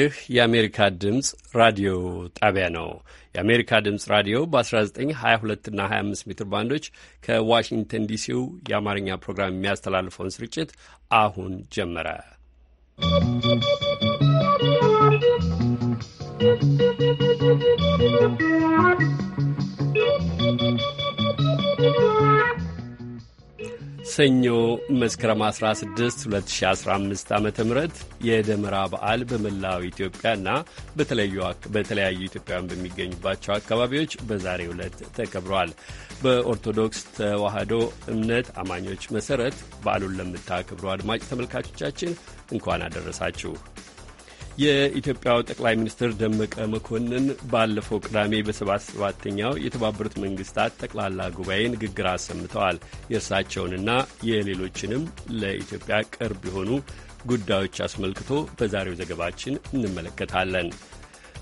ይህ የአሜሪካ ድምፅ ራዲዮ ጣቢያ ነው። የአሜሪካ ድምፅ ራዲዮ በ1922 እና 25 ሜትር ባንዶች ከዋሽንግተን ዲሲው የአማርኛ ፕሮግራም የሚያስተላልፈውን ስርጭት አሁን ጀመረ። ሰኞ መስከረም 16 2015 ዓ ም የደመራ በዓል በመላው ኢትዮጵያና በተለያዩ ኢትዮጵያውያን በሚገኙባቸው አካባቢዎች በዛሬው ዕለት ተከብሯል። በኦርቶዶክስ ተዋህዶ እምነት አማኞች መሠረት በዓሉን ለምታከብሩ አድማጭ ተመልካቾቻችን እንኳን አደረሳችሁ። የኢትዮጵያው ጠቅላይ ሚኒስትር ደመቀ መኮንን ባለፈው ቅዳሜ በሰባ ሰባተኛው የተባበሩት መንግስታት ጠቅላላ ጉባኤ ንግግር አሰምተዋል። የእርሳቸውንና የሌሎችንም ለኢትዮጵያ ቅርብ የሆኑ ጉዳዮች አስመልክቶ በዛሬው ዘገባችን እንመለከታለን።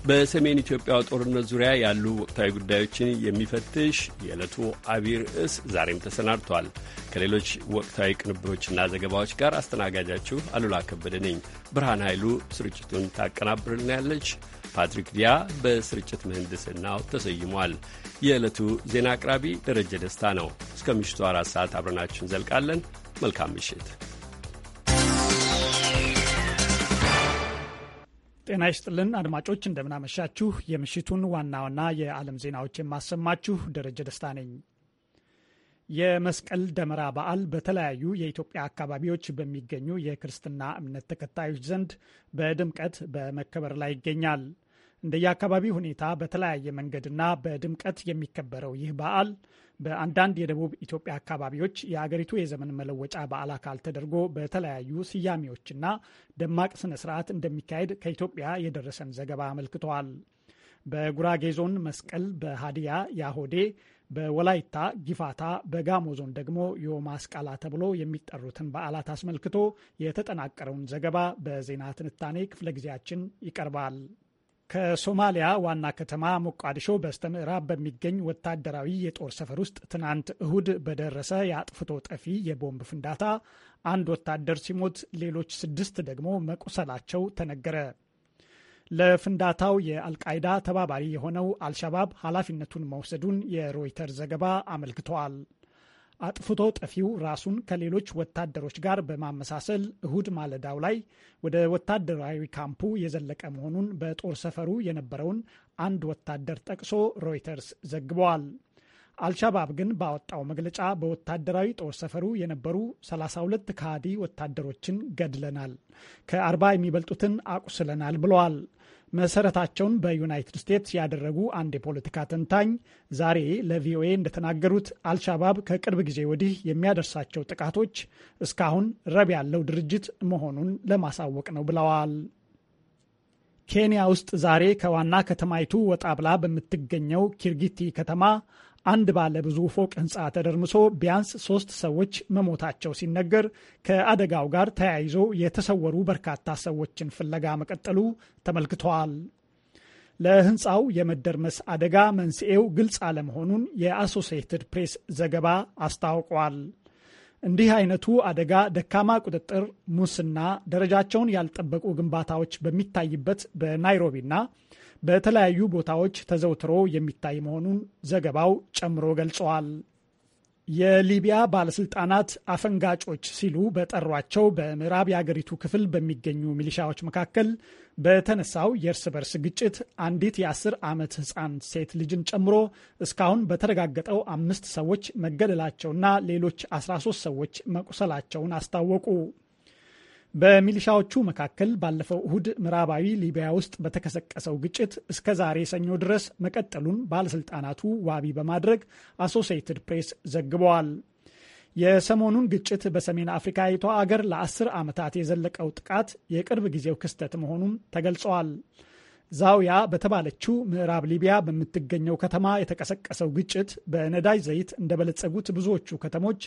በሰሜን ኢትዮጵያ ጦርነት ዙሪያ ያሉ ወቅታዊ ጉዳዮችን የሚፈትሽ የዕለቱ አቢይ ርዕስ ዛሬም ተሰናድቷል። ከሌሎች ወቅታዊ ቅንብሮችና ዘገባዎች ጋር አስተናጋጃችሁ አሉላ ከበደ ነኝ። ብርሃን ኃይሉ ስርጭቱን ታቀናብርልናለች። ፓትሪክ ዲያ በስርጭት ምህንድስናው ተሰይሟል። የዕለቱ ዜና አቅራቢ ደረጀ ደስታ ነው። እስከ ምሽቱ አራት ሰዓት አብረናችሁ እንዘልቃለን። መልካም ምሽት። ጤና ይስጥልን አድማጮች፣ እንደምናመሻችሁ። የምሽቱን ዋና ዋና የዓለም ዜናዎች የማሰማችሁ ደረጀ ደስታ ነኝ። የመስቀል ደመራ በዓል በተለያዩ የኢትዮጵያ አካባቢዎች በሚገኙ የክርስትና እምነት ተከታዮች ዘንድ በድምቀት በመከበር ላይ ይገኛል። እንደየአካባቢው ሁኔታ በተለያየ መንገድና በድምቀት የሚከበረው ይህ በዓል በአንዳንድ የደቡብ ኢትዮጵያ አካባቢዎች የአገሪቱ የዘመን መለወጫ በዓል አካል ተደርጎ በተለያዩ ስያሜዎችና ደማቅ ስነ ስርዓት እንደሚካሄድ ከኢትዮጵያ የደረሰን ዘገባ አመልክተዋል። በጉራጌ ዞን መስቀል፣ በሃዲያ ያሆዴ፣ በወላይታ ጊፋታ፣ በጋሞ ዞን ደግሞ የማስቃላ ተብሎ የሚጠሩትን በዓላት አስመልክቶ የተጠናቀረውን ዘገባ በዜና ትንታኔ ክፍለ ጊዜያችን ይቀርባል። ከሶማሊያ ዋና ከተማ ሞቃዲሾ በስተምዕራብ በሚገኝ ወታደራዊ የጦር ሰፈር ውስጥ ትናንት እሁድ በደረሰ የአጥፍቶ ጠፊ የቦምብ ፍንዳታ አንድ ወታደር ሲሞት ሌሎች ስድስት ደግሞ መቁሰላቸው ተነገረ። ለፍንዳታው የአልቃይዳ ተባባሪ የሆነው አልሻባብ ኃላፊነቱን መውሰዱን የሮይተር ዘገባ አመልክተዋል። አጥፍቶ ጠፊው ራሱን ከሌሎች ወታደሮች ጋር በማመሳሰል እሁድ ማለዳው ላይ ወደ ወታደራዊ ካምፑ የዘለቀ መሆኑን በጦር ሰፈሩ የነበረውን አንድ ወታደር ጠቅሶ ሮይተርስ ዘግበዋል። አልሻባብ ግን ባወጣው መግለጫ በወታደራዊ ጦር ሰፈሩ የነበሩ 32 ከሃዲ ወታደሮችን ገድለናል፣ ከ40 የሚበልጡትን አቁስለናል ብለዋል። መሰረታቸውን በዩናይትድ ስቴትስ ያደረጉ አንድ የፖለቲካ ተንታኝ ዛሬ ለቪኦኤ እንደተናገሩት አልሻባብ ከቅርብ ጊዜ ወዲህ የሚያደርሳቸው ጥቃቶች እስካሁን ረብ ያለው ድርጅት መሆኑን ለማሳወቅ ነው ብለዋል። ኬንያ ውስጥ ዛሬ ከዋና ከተማይቱ ወጣ ብላ በምትገኘው ኪርጊቲ ከተማ አንድ ባለ ብዙ ፎቅ ህንፃ ተደርምሶ ቢያንስ ሶስት ሰዎች መሞታቸው ሲነገር ከአደጋው ጋር ተያይዞ የተሰወሩ በርካታ ሰዎችን ፍለጋ መቀጠሉ ተመልክተዋል። ለህንፃው የመደርመስ አደጋ መንስኤው ግልጽ አለመሆኑን የአሶሲየትድ ፕሬስ ዘገባ አስታውቋል። እንዲህ አይነቱ አደጋ ደካማ ቁጥጥር፣ ሙስና፣ ደረጃቸውን ያልጠበቁ ግንባታዎች በሚታይበት በናይሮቢና በተለያዩ ቦታዎች ተዘውትሮ የሚታይ መሆኑን ዘገባው ጨምሮ ገልጸዋል። የሊቢያ ባለስልጣናት አፈንጋጮች ሲሉ በጠሯቸው በምዕራብ የአገሪቱ ክፍል በሚገኙ ሚሊሻዎች መካከል በተነሳው የእርስ በርስ ግጭት አንዲት የአስር ዓመት ሕፃን ሴት ልጅን ጨምሮ እስካሁን በተረጋገጠው አምስት ሰዎች መገደላቸውና ሌሎች 13 ሰዎች መቁሰላቸውን አስታወቁ። በሚሊሻዎቹ መካከል ባለፈው እሁድ ምዕራባዊ ሊቢያ ውስጥ በተቀሰቀሰው ግጭት እስከ ዛሬ ሰኞ ድረስ መቀጠሉን ባለስልጣናቱ ዋቢ በማድረግ አሶሲየትድ ፕሬስ ዘግበዋል። የሰሞኑን ግጭት በሰሜን አፍሪካዊቷ አገር ለአስር ዓመታት የዘለቀው ጥቃት የቅርብ ጊዜው ክስተት መሆኑን ተገልጸዋል። ዛውያ በተባለችው ምዕራብ ሊቢያ በምትገኘው ከተማ የተቀሰቀሰው ግጭት በነዳጅ ዘይት እንደበለጸጉት ብዙዎቹ ከተሞች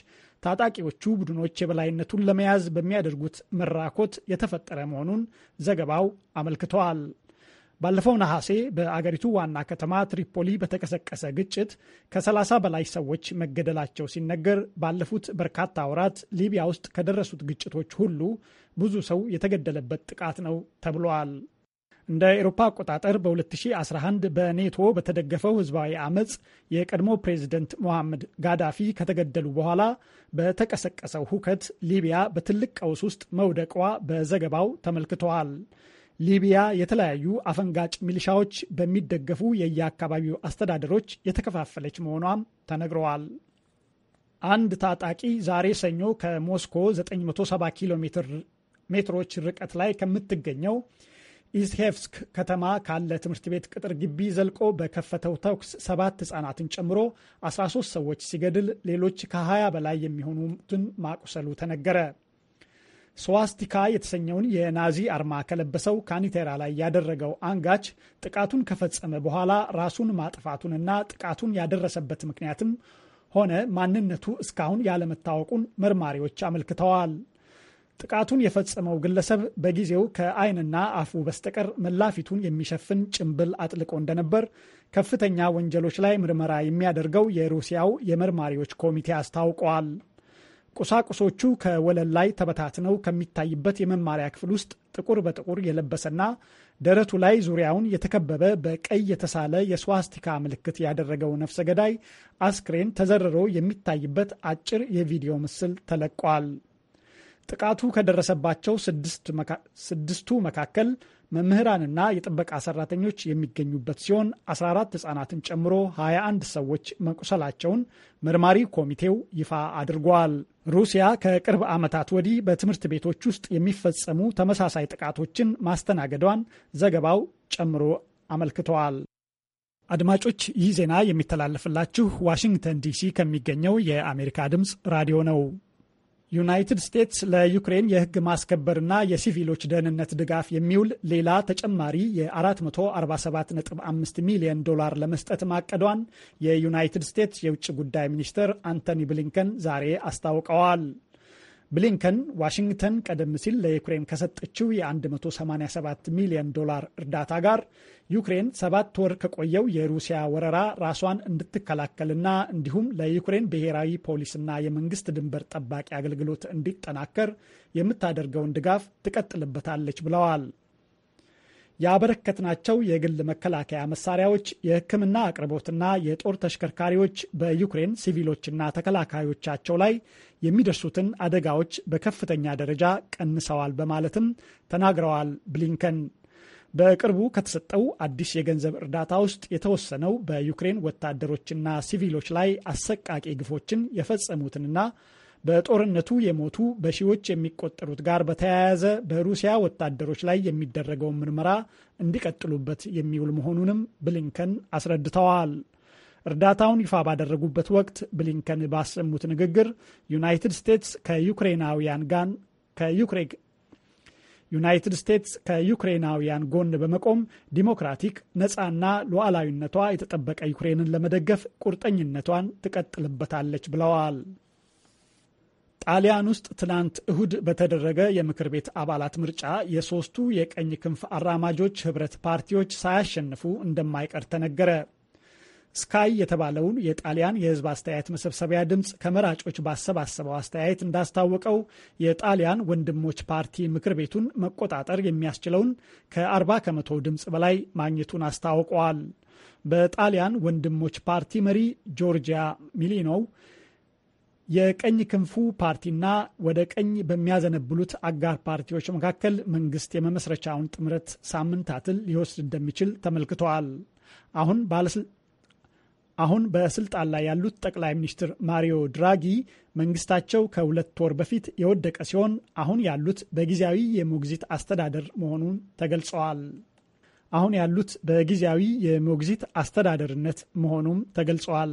ታጣቂዎቹ ቡድኖች የበላይነቱን ለመያዝ በሚያደርጉት መራኮት የተፈጠረ መሆኑን ዘገባው አመልክተዋል። ባለፈው ነሐሴ በአገሪቱ ዋና ከተማ ትሪፖሊ በተቀሰቀሰ ግጭት ከ30 በላይ ሰዎች መገደላቸው ሲነገር ባለፉት በርካታ ወራት ሊቢያ ውስጥ ከደረሱት ግጭቶች ሁሉ ብዙ ሰው የተገደለበት ጥቃት ነው ተብሏል። እንደ አውሮፓ አቆጣጠር በ2011 በኔቶ በተደገፈው ህዝባዊ አመፅ የቀድሞ ፕሬዚደንት ሞሐመድ ጋዳፊ ከተገደሉ በኋላ በተቀሰቀሰው ሁከት ሊቢያ በትልቅ ቀውስ ውስጥ መውደቋ በዘገባው ተመልክተዋል። ሊቢያ የተለያዩ አፈንጋጭ ሚሊሻዎች በሚደገፉ የየአካባቢው አስተዳደሮች የተከፋፈለች መሆኗም ተነግረዋል። አንድ ታጣቂ ዛሬ ሰኞ ከሞስኮ 970 ኪሎ ሜትሮች ርቀት ላይ ከምትገኘው ኢስሄቭስክ ከተማ ካለ ትምህርት ቤት ቅጥር ግቢ ዘልቆ በከፈተው ተኩስ ሰባት ህጻናትን ጨምሮ 13 ሰዎች ሲገድል ሌሎች ከ20 በላይ የሚሆኑትን ማቁሰሉ ተነገረ። ስዋስቲካ የተሰኘውን የናዚ አርማ ከለበሰው ካኒቴራ ላይ ያደረገው አንጋች ጥቃቱን ከፈጸመ በኋላ ራሱን ማጥፋቱንና ጥቃቱን ያደረሰበት ምክንያትም ሆነ ማንነቱ እስካሁን ያለመታወቁን መርማሪዎች አመልክተዋል። ጥቃቱን የፈጸመው ግለሰብ በጊዜው ከዓይንና አፉ በስተቀር መላፊቱን የሚሸፍን ጭንብል አጥልቆ እንደነበር ከፍተኛ ወንጀሎች ላይ ምርመራ የሚያደርገው የሩሲያው የመርማሪዎች ኮሚቴ አስታውቋል። ቁሳቁሶቹ ከወለል ላይ ተበታትነው ከሚታይበት የመማሪያ ክፍል ውስጥ ጥቁር በጥቁር የለበሰና ደረቱ ላይ ዙሪያውን የተከበበ በቀይ የተሳለ የስዋስቲካ ምልክት ያደረገው ነፍሰ ገዳይ አስክሬን ተዘርሮ የሚታይበት አጭር የቪዲዮ ምስል ተለቋል። ጥቃቱ ከደረሰባቸው ስድስቱ መካከል መምህራንና የጥበቃ ሰራተኞች የሚገኙበት ሲሆን 14 ህጻናትን ጨምሮ 21 ሰዎች መቁሰላቸውን መርማሪ ኮሚቴው ይፋ አድርጓል። ሩሲያ ከቅርብ ዓመታት ወዲህ በትምህርት ቤቶች ውስጥ የሚፈጸሙ ተመሳሳይ ጥቃቶችን ማስተናገዷን ዘገባው ጨምሮ አመልክተዋል። አድማጮች ይህ ዜና የሚተላለፍላችሁ ዋሽንግተን ዲሲ ከሚገኘው የአሜሪካ ድምፅ ራዲዮ ነው። ዩናይትድ ስቴትስ ለዩክሬን የህግ ማስከበርና የሲቪሎች ደህንነት ድጋፍ የሚውል ሌላ ተጨማሪ የ447.5 ሚሊዮን ዶላር ለመስጠት ማቀዷን የዩናይትድ ስቴትስ የውጭ ጉዳይ ሚኒስትር አንቶኒ ብሊንከን ዛሬ አስታውቀዋል። ብሊንከን ዋሽንግተን ቀደም ሲል ለዩክሬን ከሰጠችው የ187 ሚሊዮን ዶላር እርዳታ ጋር ዩክሬን ሰባት ወር ከቆየው የሩሲያ ወረራ ራሷን እንድትከላከልና እንዲሁም ለዩክሬን ብሔራዊ ፖሊስና የመንግስት ድንበር ጠባቂ አገልግሎት እንዲጠናከር የምታደርገውን ድጋፍ ትቀጥልበታለች ብለዋል። ያበረከትናቸው የግል መከላከያ መሳሪያዎች፣ የሕክምና አቅርቦትና የጦር ተሽከርካሪዎች በዩክሬን ሲቪሎችና ተከላካዮቻቸው ላይ የሚደርሱትን አደጋዎች በከፍተኛ ደረጃ ቀንሰዋል በማለትም ተናግረዋል ብሊንከን። በቅርቡ ከተሰጠው አዲስ የገንዘብ እርዳታ ውስጥ የተወሰነው በዩክሬን ወታደሮችና ሲቪሎች ላይ አሰቃቂ ግፎችን የፈጸሙትንና በጦርነቱ የሞቱ በሺዎች የሚቆጠሩት ጋር በተያያዘ በሩሲያ ወታደሮች ላይ የሚደረገውን ምርመራ እንዲቀጥሉበት የሚውል መሆኑንም ብሊንከን አስረድተዋል። እርዳታውን ይፋ ባደረጉበት ወቅት ብሊንከን ባሰሙት ንግግር ዩናይትድ ስቴትስ ከዩክሬናውያን ጋር ከዩክሬን ዩናይትድ ስቴትስ ከዩክሬናውያን ጎን በመቆም ዲሞክራቲክ ነፃና ሉዓላዊነቷ የተጠበቀ ዩክሬንን ለመደገፍ ቁርጠኝነቷን ትቀጥልበታለች ብለዋል። ጣሊያን ውስጥ ትናንት እሁድ በተደረገ የምክር ቤት አባላት ምርጫ የሶስቱ የቀኝ ክንፍ አራማጆች ህብረት ፓርቲዎች ሳያሸንፉ እንደማይቀር ተነገረ። ስካይ የተባለውን የጣሊያን የህዝብ አስተያየት መሰብሰቢያ ድምፅ ከመራጮች ባሰባሰበው አስተያየት እንዳስታወቀው የጣሊያን ወንድሞች ፓርቲ ምክር ቤቱን መቆጣጠር የሚያስችለውን ከ40 ከመቶ ድምፅ በላይ ማግኘቱን አስታውቀዋል። በጣሊያን ወንድሞች ፓርቲ መሪ ጆርጂያ ሚሊኖው የቀኝ ክንፉ ፓርቲና ወደ ቀኝ በሚያዘነብሉት አጋር ፓርቲዎች መካከል መንግስት የመመስረቻውን ጥምረት ሳምንታትን ሊወስድ እንደሚችል ተመልክተዋል። አሁን አሁን በስልጣን ላይ ያሉት ጠቅላይ ሚኒስትር ማሪዮ ድራጊ መንግስታቸው ከሁለት ወር በፊት የወደቀ ሲሆን አሁን ያሉት በጊዜያዊ የሞግዚት አስተዳደር መሆኑን ተገልጸዋል። አሁን ያሉት በጊዜያዊ የሞግዚት አስተዳደርነት መሆኑም ተገልጸዋል።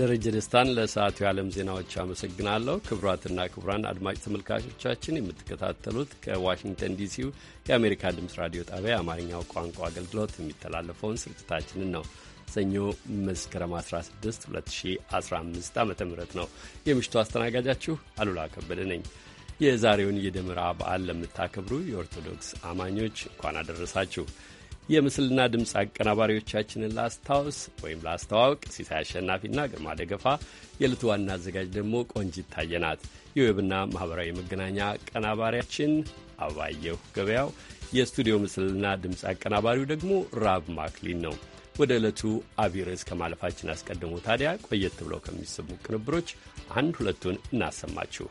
ደረጀ ደስታን ለሰዓቱ የዓለም ዜናዎች አመሰግናለሁ። ክቡራትና ክቡራን አድማጭ ተመልካቾቻችን የምትከታተሉት ከዋሽንግተን ዲሲው የአሜሪካ ድምፅ ራዲዮ ጣቢያ የአማርኛው ቋንቋ አገልግሎት የሚተላለፈውን ስርጭታችንን ነው። ሰኞ መስከረም 16 2015 ዓ ም ነው። የምሽቱ አስተናጋጃችሁ አሉላ ከበደ ነኝ። የዛሬውን የደመራ በዓል ለምታከብሩ የኦርቶዶክስ አማኞች እንኳን አደረሳችሁ። የምስልና ድምፅ አቀናባሪዎቻችንን ላስታውስ ወይም ላስተዋውቅ፣ ሲሳይ አሸናፊና ግርማ ደገፋ፣ የዕለቱ ዋና አዘጋጅ ደግሞ ቆንጅ ይታየናት። የዌብና ማኅበራዊ መገናኛ አቀናባሪያችን አባየሁ ገበያው፣ የስቱዲዮ ምስልና ድምፅ አቀናባሪው ደግሞ ራብ ማክሊን ነው። ወደ ዕለቱ አቢይ ርዕስ ከማለፋችን አስቀድሞ ታዲያ ቆየት ብለው ከሚሰሙ ቅንብሮች አንድ ሁለቱን እናሰማችሁ።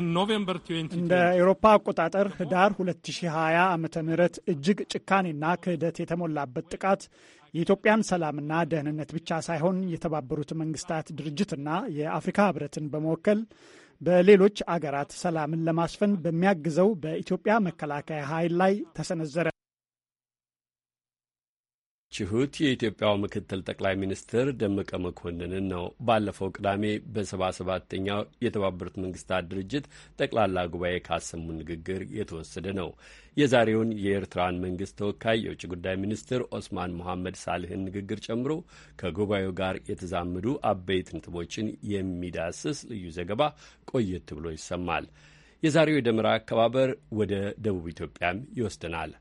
እንደ ኤሮፓ አቆጣጠር ህዳር 2020 ዓ ም እጅግ ጭካኔና ክህደት የተሞላበት ጥቃት የኢትዮጵያን ሰላምና ደህንነት ብቻ ሳይሆን የተባበሩት መንግስታት ድርጅትና የአፍሪካ ህብረትን በመወከል በሌሎች አገራት ሰላምን ለማስፈን በሚያግዘው በኢትዮጵያ መከላከያ ኃይል ላይ ተሰነዘረ። ችሁት የኢትዮጵያው ምክትል ጠቅላይ ሚኒስትር ደመቀ መኮንንን ነው። ባለፈው ቅዳሜ በሰባ ሰባተኛው የተባበሩት መንግስታት ድርጅት ጠቅላላ ጉባኤ ካሰሙ ንግግር የተወሰደ ነው። የዛሬውን የኤርትራን መንግስት ተወካይ የውጭ ጉዳይ ሚኒስትር ኦስማን መሐመድ ሳልህን ንግግር ጨምሮ ከጉባኤው ጋር የተዛመዱ አበይት ነጥቦችን የሚዳስስ ልዩ ዘገባ ቆየት ብሎ ይሰማል። የዛሬው የደመራ አከባበር ወደ ደቡብ ኢትዮጵያም ይወስደናል።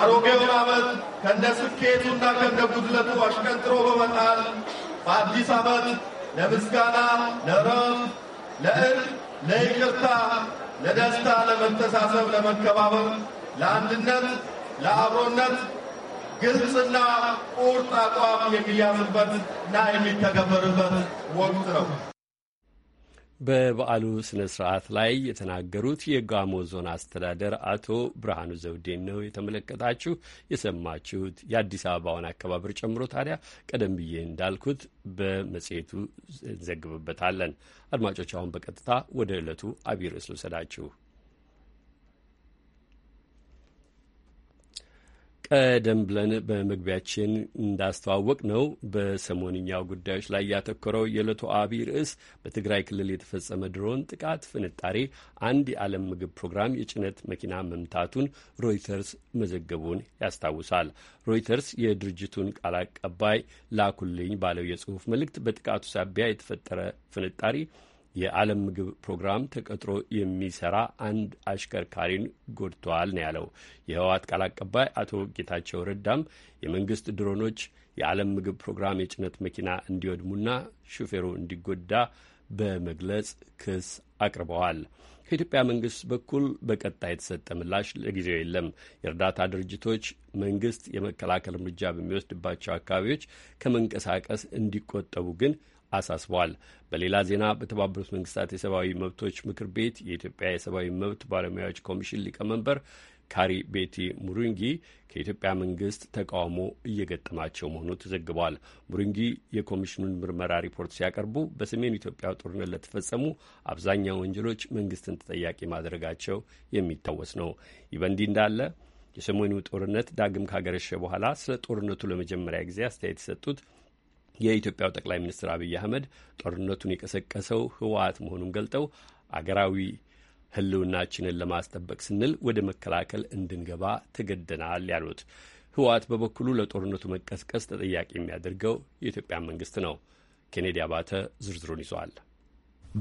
አሮጌውን ዓመት ከነ ስኬቱና ከነ ጉድለቱ አሽቀንጥሮ በመጣል በአዲስ ዓመት ለምስጋና፣ ለረፍት፣ ለእርቅ፣ ለይቅርታ፣ ለደስታ፣ ለመተሳሰብ፣ ለመከባበር፣ ለአንድነት፣ ለአብሮነት ግልጽና ቁርጥ አቋም የሚያዝበትና የሚተገበርበት ወቅት ነው። በበዓሉ ስነ ስርዓት ላይ የተናገሩት የጋሞ ዞን አስተዳደር አቶ ብርሃኑ ዘውዴን ነው የተመለከታችሁ የሰማችሁት። የአዲስ አበባውን አከባበር ጨምሮ ታዲያ ቀደም ብዬ እንዳልኩት በመጽሔቱ እንዘግብበታለን። አድማጮች፣ አሁን በቀጥታ ወደ ዕለቱ አብይ ርዕስ ልውሰዳችሁ። ቀደም ብለን በመግቢያችን እንዳስተዋወቅ ነው በሰሞንኛው ጉዳዮች ላይ ያተኮረው የዕለቱ አብይ ርዕስ በትግራይ ክልል የተፈጸመ ድሮን ጥቃት ፍንጣሬ አንድ የዓለም ምግብ ፕሮግራም የጭነት መኪና መምታቱን ሮይተርስ መዘገቡን ያስታውሳል። ሮይተርስ የድርጅቱን ቃል አቀባይ ላኩልኝ ባለው የጽሑፍ መልእክት በጥቃቱ ሳቢያ የተፈጠረ ፍንጣሪ የዓለም ምግብ ፕሮግራም ተቀጥሮ የሚሰራ አንድ አሽከርካሪን ጎድተዋል ነው ያለው። የህወሓት ቃል አቀባይ አቶ ጌታቸው ረዳም የመንግስት ድሮኖች የዓለም ምግብ ፕሮግራም የጭነት መኪና እንዲወድሙና ሹፌሩ እንዲጎዳ በመግለጽ ክስ አቅርበዋል። ከኢትዮጵያ መንግስት በኩል በቀጣይ የተሰጠ ምላሽ ለጊዜው የለም። የእርዳታ ድርጅቶች መንግስት የመከላከል እርምጃ በሚወስድባቸው አካባቢዎች ከመንቀሳቀስ እንዲቆጠቡ ግን አሳስቧል። በሌላ ዜና በተባበሩት መንግስታት የሰብአዊ መብቶች ምክር ቤት የኢትዮጵያ የሰብአዊ መብት ባለሙያዎች ኮሚሽን ሊቀመንበር ካሪ ቤቲ ሙሩንጊ ከኢትዮጵያ መንግስት ተቃውሞ እየገጠማቸው መሆኑ ተዘግቧል። ሙሩንጊ የኮሚሽኑን ምርመራ ሪፖርት ሲያቀርቡ በሰሜን ኢትዮጵያ ጦርነት ለተፈጸሙ አብዛኛው ወንጀሎች መንግስትን ተጠያቂ ማድረጋቸው የሚታወስ ነው። ይህ በእንዲህ እንዳለ የሰሞኑ ጦርነት ዳግም ካገረሸ በኋላ ስለ ጦርነቱ ለመጀመሪያ ጊዜ አስተያየት የሰጡት የኢትዮጵያው ጠቅላይ ሚኒስትር አብይ አህመድ ጦርነቱን የቀሰቀሰው ህወሓት መሆኑን ገልጠው አገራዊ ህልውናችንን ለማስጠበቅ ስንል ወደ መከላከል እንድንገባ ተገደናል ያሉት ህወሓት በበኩሉ ለጦርነቱ መቀስቀስ ተጠያቂ የሚያደርገው የኢትዮጵያ መንግስት ነው። ኬኔዲ አባተ ዝርዝሩን ይዟል።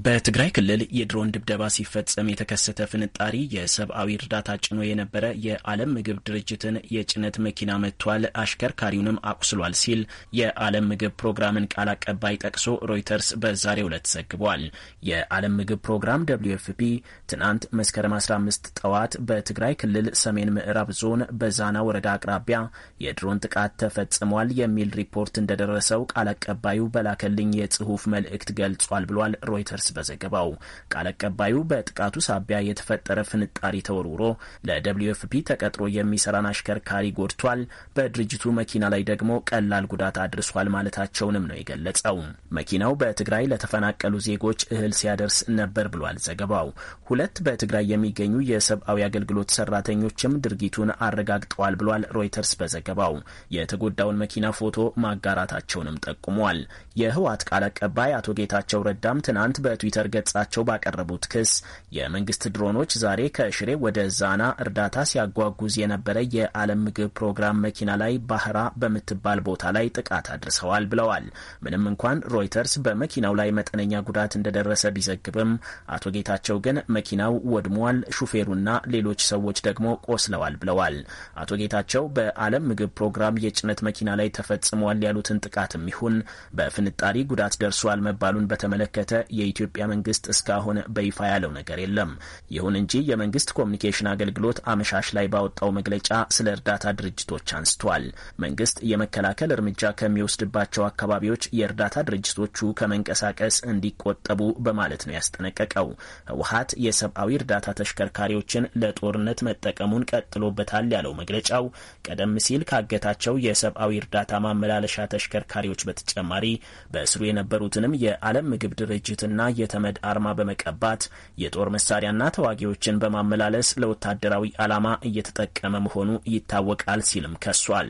በትግራይ ክልል የድሮን ድብደባ ሲፈጸም የተከሰተ ፍንጣሪ የሰብአዊ እርዳታ ጭኖ የነበረ የዓለም ምግብ ድርጅትን የጭነት መኪና መቷል፣ አሽከርካሪውንም አቁስሏል ሲል የዓለም ምግብ ፕሮግራምን ቃል አቀባይ ጠቅሶ ሮይተርስ በዛሬው ዕለት ዘግቧል። የዓለም ምግብ ፕሮግራም ደብልዩ ኤፍ ፒ ትናንት መስከረም 15 ጠዋት በትግራይ ክልል ሰሜን ምዕራብ ዞን በዛና ወረዳ አቅራቢያ የድሮን ጥቃት ተፈጽሟል የሚል ሪፖርት እንደደረሰው ቃል አቀባዩ በላከልኝ የጽሑፍ መልእክት ገልጿል ብሏል ሮይተርስ ይጠቅሳል በዘገባው። ቃል አቀባዩ በጥቃቱ ሳቢያ የተፈጠረ ፍንጣሪ ተወርውሮ ለደብሊዩ ኤፍፒ ተቀጥሮ የሚሰራን አሽከርካሪ ጎድቷል፣ በድርጅቱ መኪና ላይ ደግሞ ቀላል ጉዳት አድርሷል ማለታቸውንም ነው የገለጸው። መኪናው በትግራይ ለተፈናቀሉ ዜጎች እህል ሲያደርስ ነበር ብሏል ዘገባው። ሁለት በትግራይ የሚገኙ የሰብአዊ አገልግሎት ሰራተኞችም ድርጊቱን አረጋግጠዋል ብሏል ሮይተርስ በዘገባው። የተጎዳውን መኪና ፎቶ ማጋራታቸውንም ጠቁሟል። የህወሓት ቃል አቀባይ አቶ ጌታቸው ረዳም ትናንት በትዊተር ገጻቸው ባቀረቡት ክስ የመንግስት ድሮኖች ዛሬ ከሽሬ ወደ ዛና እርዳታ ሲያጓጉዝ የነበረ የዓለም ምግብ ፕሮግራም መኪና ላይ ባህራ በምትባል ቦታ ላይ ጥቃት አድርሰዋል ብለዋል። ምንም እንኳን ሮይተርስ በመኪናው ላይ መጠነኛ ጉዳት እንደደረሰ ቢዘግብም አቶ ጌታቸው ግን መኪናው ወድሟል፣ ሹፌሩና ሌሎች ሰዎች ደግሞ ቆስለዋል ብለዋል። አቶ ጌታቸው በዓለም ምግብ ፕሮግራም የጭነት መኪና ላይ ተፈጽሟል ያሉትን ጥቃትም ይሁን በፍንጣሪ ጉዳት ደርሷል መባሉን በተመለከተ የኢትዮጵያ መንግስት እስካሁን በይፋ ያለው ነገር የለም። ይሁን እንጂ የመንግስት ኮሚኒኬሽን አገልግሎት አመሻሽ ላይ ባወጣው መግለጫ ስለ እርዳታ ድርጅቶች አንስቷል። መንግስት የመከላከል እርምጃ ከሚወስድባቸው አካባቢዎች የእርዳታ ድርጅቶቹ ከመንቀሳቀስ እንዲቆጠቡ በማለት ነው ያስጠነቀቀው። ህወሀት የሰብአዊ እርዳታ ተሽከርካሪዎችን ለጦርነት መጠቀሙን ቀጥሎበታል ያለው መግለጫው ቀደም ሲል ካገታቸው የሰብአዊ እርዳታ ማመላለሻ ተሽከርካሪዎች በተጨማሪ በእስሩ የነበሩትንም የዓለም ምግብ ድርጅትና የተመድ አርማ በመቀባት የጦር መሳሪያና ተዋጊዎችን በማመላለስ ለወታደራዊ ዓላማ እየተጠቀመ መሆኑ ይታወቃል ሲልም ከሷል።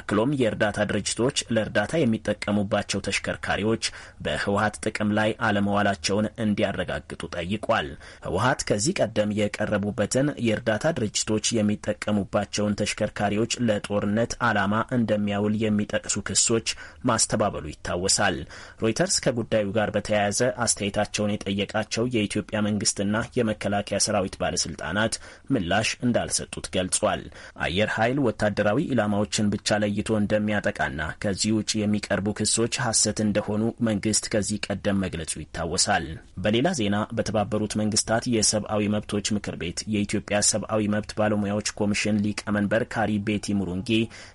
አክሎም የእርዳታ ድርጅቶች ለእርዳታ የሚጠቀሙባቸው ተሽከርካሪዎች በህወሀት ጥቅም ላይ አለመዋላቸውን እንዲያረጋግጡ ጠይቋል። ህወሀት ከዚህ ቀደም የቀረቡበትን የእርዳታ ድርጅቶች የሚጠቀሙባቸውን ተሽከርካሪዎች ለጦርነት ዓላማ እንደሚያውል የሚጠቅሱ ክሶች ማስተባበሉ ይታወሳል። ሮይተርስ ከጉዳዩ ጋር በተያያዘ አስተያየት እንዲያደርጋቸውን የጠየቃቸው የኢትዮጵያ መንግስትና የመከላከያ ሰራዊት ባለስልጣናት ምላሽ እንዳልሰጡት ገልጿል። አየር ኃይል ወታደራዊ ኢላማዎችን ብቻ ለይቶ እንደሚያጠቃና ከዚህ ውጭ የሚቀርቡ ክሶች ሐሰት እንደሆኑ መንግስት ከዚህ ቀደም መግለጹ ይታወሳል። በሌላ ዜና በተባበሩት መንግስታት የሰብአዊ መብቶች ምክር ቤት የኢትዮጵያ ሰብአዊ መብት ባለሙያዎች ኮሚሽን ሊቀመንበር ካሪ ቤቲ ሙሩንጌ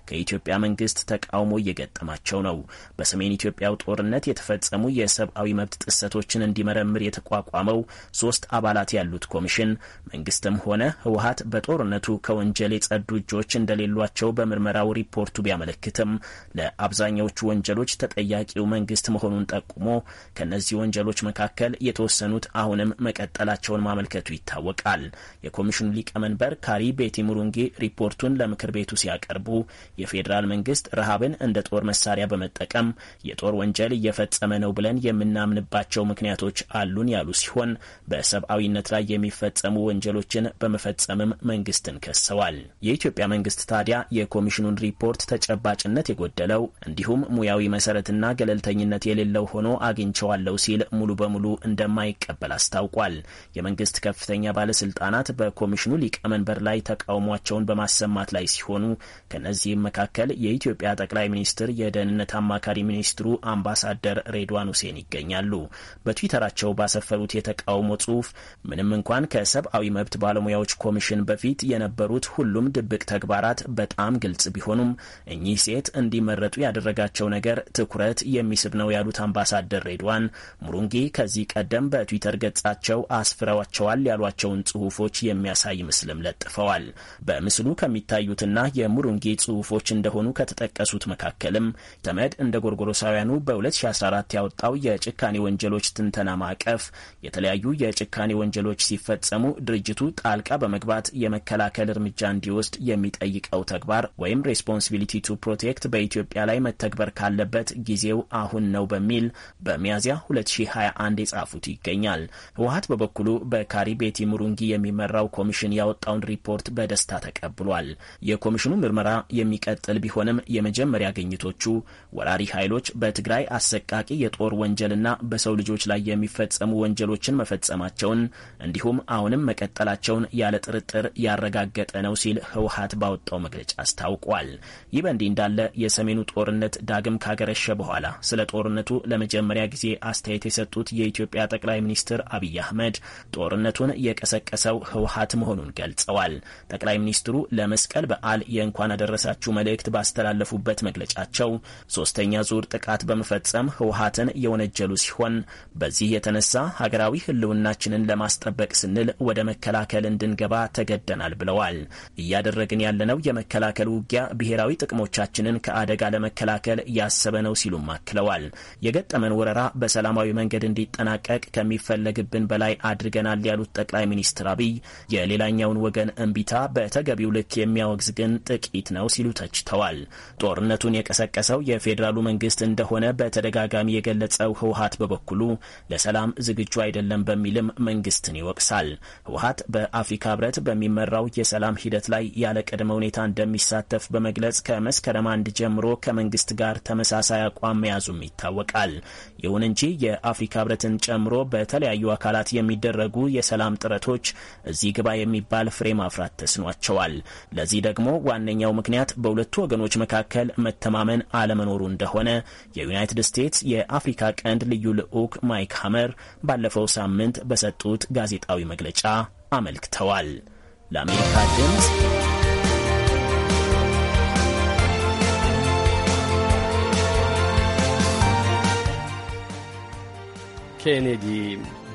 ከኢትዮጵያ መንግስት ተቃውሞ እየገጠማቸው ነው። በሰሜን ኢትዮጵያው ጦርነት የተፈጸሙ የሰብአዊ መብት ጥሰቶችን እንዲመረምር የተቋቋመው ሶስት አባላት ያሉት ኮሚሽን መንግስትም ሆነ ህወሀት በጦርነቱ ከወንጀል የጸዱ እጆች እንደሌሏቸው በምርመራው ሪፖርቱ ቢያመለክትም ለአብዛኛዎቹ ወንጀሎች ተጠያቂው መንግስት መሆኑን ጠቁሞ ከእነዚህ ወንጀሎች መካከል የተወሰኑት አሁንም መቀጠላቸውን ማመልከቱ ይታወቃል። የኮሚሽኑ ሊቀመንበር ካሪ ቤቲ ሙሩንጊ ሪፖርቱን ለምክር ቤቱ ሲያቀርቡ የፌዴራል መንግስት ረሃብን እንደ ጦር መሳሪያ በመጠቀም የጦር ወንጀል እየፈጸመ ነው ብለን የምናምንባቸው ምክንያቶች መብቶች አሉን ያሉ ሲሆን በሰብአዊነት ላይ የሚፈጸሙ ወንጀሎችን በመፈጸምም መንግስትን ከሰዋል። የኢትዮጵያ መንግስት ታዲያ የኮሚሽኑን ሪፖርት ተጨባጭነት የጎደለው እንዲሁም ሙያዊ መሰረትና ገለልተኝነት የሌለው ሆኖ አግኝቸዋለሁ ሲል ሙሉ በሙሉ እንደማይቀበል አስታውቋል። የመንግስት ከፍተኛ ባለስልጣናት በኮሚሽኑ ሊቀመንበር ላይ ተቃውሟቸውን በማሰማት ላይ ሲሆኑ ከነዚህም መካከል የኢትዮጵያ ጠቅላይ ሚኒስትር የደህንነት አማካሪ ሚኒስትሩ አምባሳደር ሬድዋን ሁሴን ይገኛሉ። በትዊተር በትዊተራቸው ባሰፈሩት የተቃውሞ ጽሑፍ ምንም እንኳን ከሰብአዊ መብት ባለሙያዎች ኮሚሽን በፊት የነበሩት ሁሉም ድብቅ ተግባራት በጣም ግልጽ ቢሆኑም እኚህ ሴት እንዲመረጡ ያደረጋቸው ነገር ትኩረት የሚስብ ነው ያሉት አምባሳደር ሬድዋን ሙሩንጊ ከዚህ ቀደም በትዊተር ገጻቸው አስፍረዋቸዋል ያሏቸውን ጽሑፎች የሚያሳይ ምስልም ለጥፈዋል። በምስሉ ከሚታዩትና የሙሩንጊ ጽሑፎች እንደሆኑ ከተጠቀሱት መካከልም ተመድ እንደ ጎርጎሮሳውያኑ በ2014 ያወጣው የጭካኔ ወንጀሎች ትንተ ፈተና ማዕቀፍ የተለያዩ የጭካኔ ወንጀሎች ሲፈጸሙ ድርጅቱ ጣልቃ በመግባት የመከላከል እርምጃ እንዲወስድ የሚጠይቀው ተግባር ወይም ሬስፖንሲቢሊቲ ቱ ፕሮቴክት በኢትዮጵያ ላይ መተግበር ካለበት ጊዜው አሁን ነው በሚል በሚያዝያ 2021 የጻፉት ይገኛል። ህወሀት በበኩሉ በካሪቤቲ ሙሩንጊ የሚመራው ኮሚሽን ያወጣውን ሪፖርት በደስታ ተቀብሏል። የኮሚሽኑ ምርመራ የሚቀጥል ቢሆንም የመጀመሪያ ግኝቶቹ ወራሪ ኃይሎች በትግራይ አሰቃቂ የጦር ወንጀልና በሰው ልጆች ላይ የሚፈጸሙ ወንጀሎችን መፈጸማቸውን እንዲሁም አሁንም መቀጠላቸውን ያለ ጥርጥር ያረጋገጠ ነው ሲል ህወሀት ባወጣው መግለጫ አስታውቋል። ይህ በእንዲህ እንዳለ የሰሜኑ ጦርነት ዳግም ካገረሸ በኋላ ስለ ጦርነቱ ለመጀመሪያ ጊዜ አስተያየት የሰጡት የኢትዮጵያ ጠቅላይ ሚኒስትር አብይ አህመድ ጦርነቱን የቀሰቀሰው ህወሀት መሆኑን ገልጸዋል። ጠቅላይ ሚኒስትሩ ለመስቀል በዓል የእንኳን አደረሳችሁ መልእክት ባስተላለፉበት መግለጫቸው ሶስተኛ ዙር ጥቃት በመፈጸም ህወሀትን የወነጀሉ ሲሆን ከዚህ የተነሳ ሀገራዊ ህልውናችንን ለማስጠበቅ ስንል ወደ መከላከል እንድንገባ ተገደናል ብለዋል። እያደረግን ያለነው የመከላከል ውጊያ ብሔራዊ ጥቅሞቻችንን ከአደጋ ለመከላከል ያሰበ ነው ሲሉም አክለዋል። የገጠመን ወረራ በሰላማዊ መንገድ እንዲጠናቀቅ ከሚፈለግብን በላይ አድርገናል ያሉት ጠቅላይ ሚኒስትር አብይ የሌላኛውን ወገን እምቢታ በተገቢው ልክ የሚያወግዝ ግን ጥቂት ነው ሲሉ ተችተዋል። ጦርነቱን የቀሰቀሰው የፌዴራሉ መንግስት እንደሆነ በተደጋጋሚ የገለጸው ህውሀት በበኩሉ ለሰላም ዝግጁ አይደለም በሚልም መንግስትን ይወቅሳል። ህወሀት በአፍሪካ ህብረት በሚመራው የሰላም ሂደት ላይ ያለ ቅድመ ሁኔታ እንደሚሳተፍ በመግለጽ ከመስከረም አንድ ጀምሮ ከመንግስት ጋር ተመሳሳይ አቋም መያዙም ይታወቃል። ይሁን እንጂ የአፍሪካ ህብረትን ጨምሮ በተለያዩ አካላት የሚደረጉ የሰላም ጥረቶች እዚህ ግባ የሚባል ፍሬ ማፍራት ተስኗቸዋል። ለዚህ ደግሞ ዋነኛው ምክንያት በሁለቱ ወገኖች መካከል መተማመን አለመኖሩ እንደሆነ የዩናይትድ ስቴትስ የአፍሪካ ቀንድ ልዩ ልዑክ ማይክ ኒክ ሐመር ባለፈው ሳምንት በሰጡት ጋዜጣዊ መግለጫ አመልክተዋል። ለአሜሪካ ድምፅ ኬኔዲ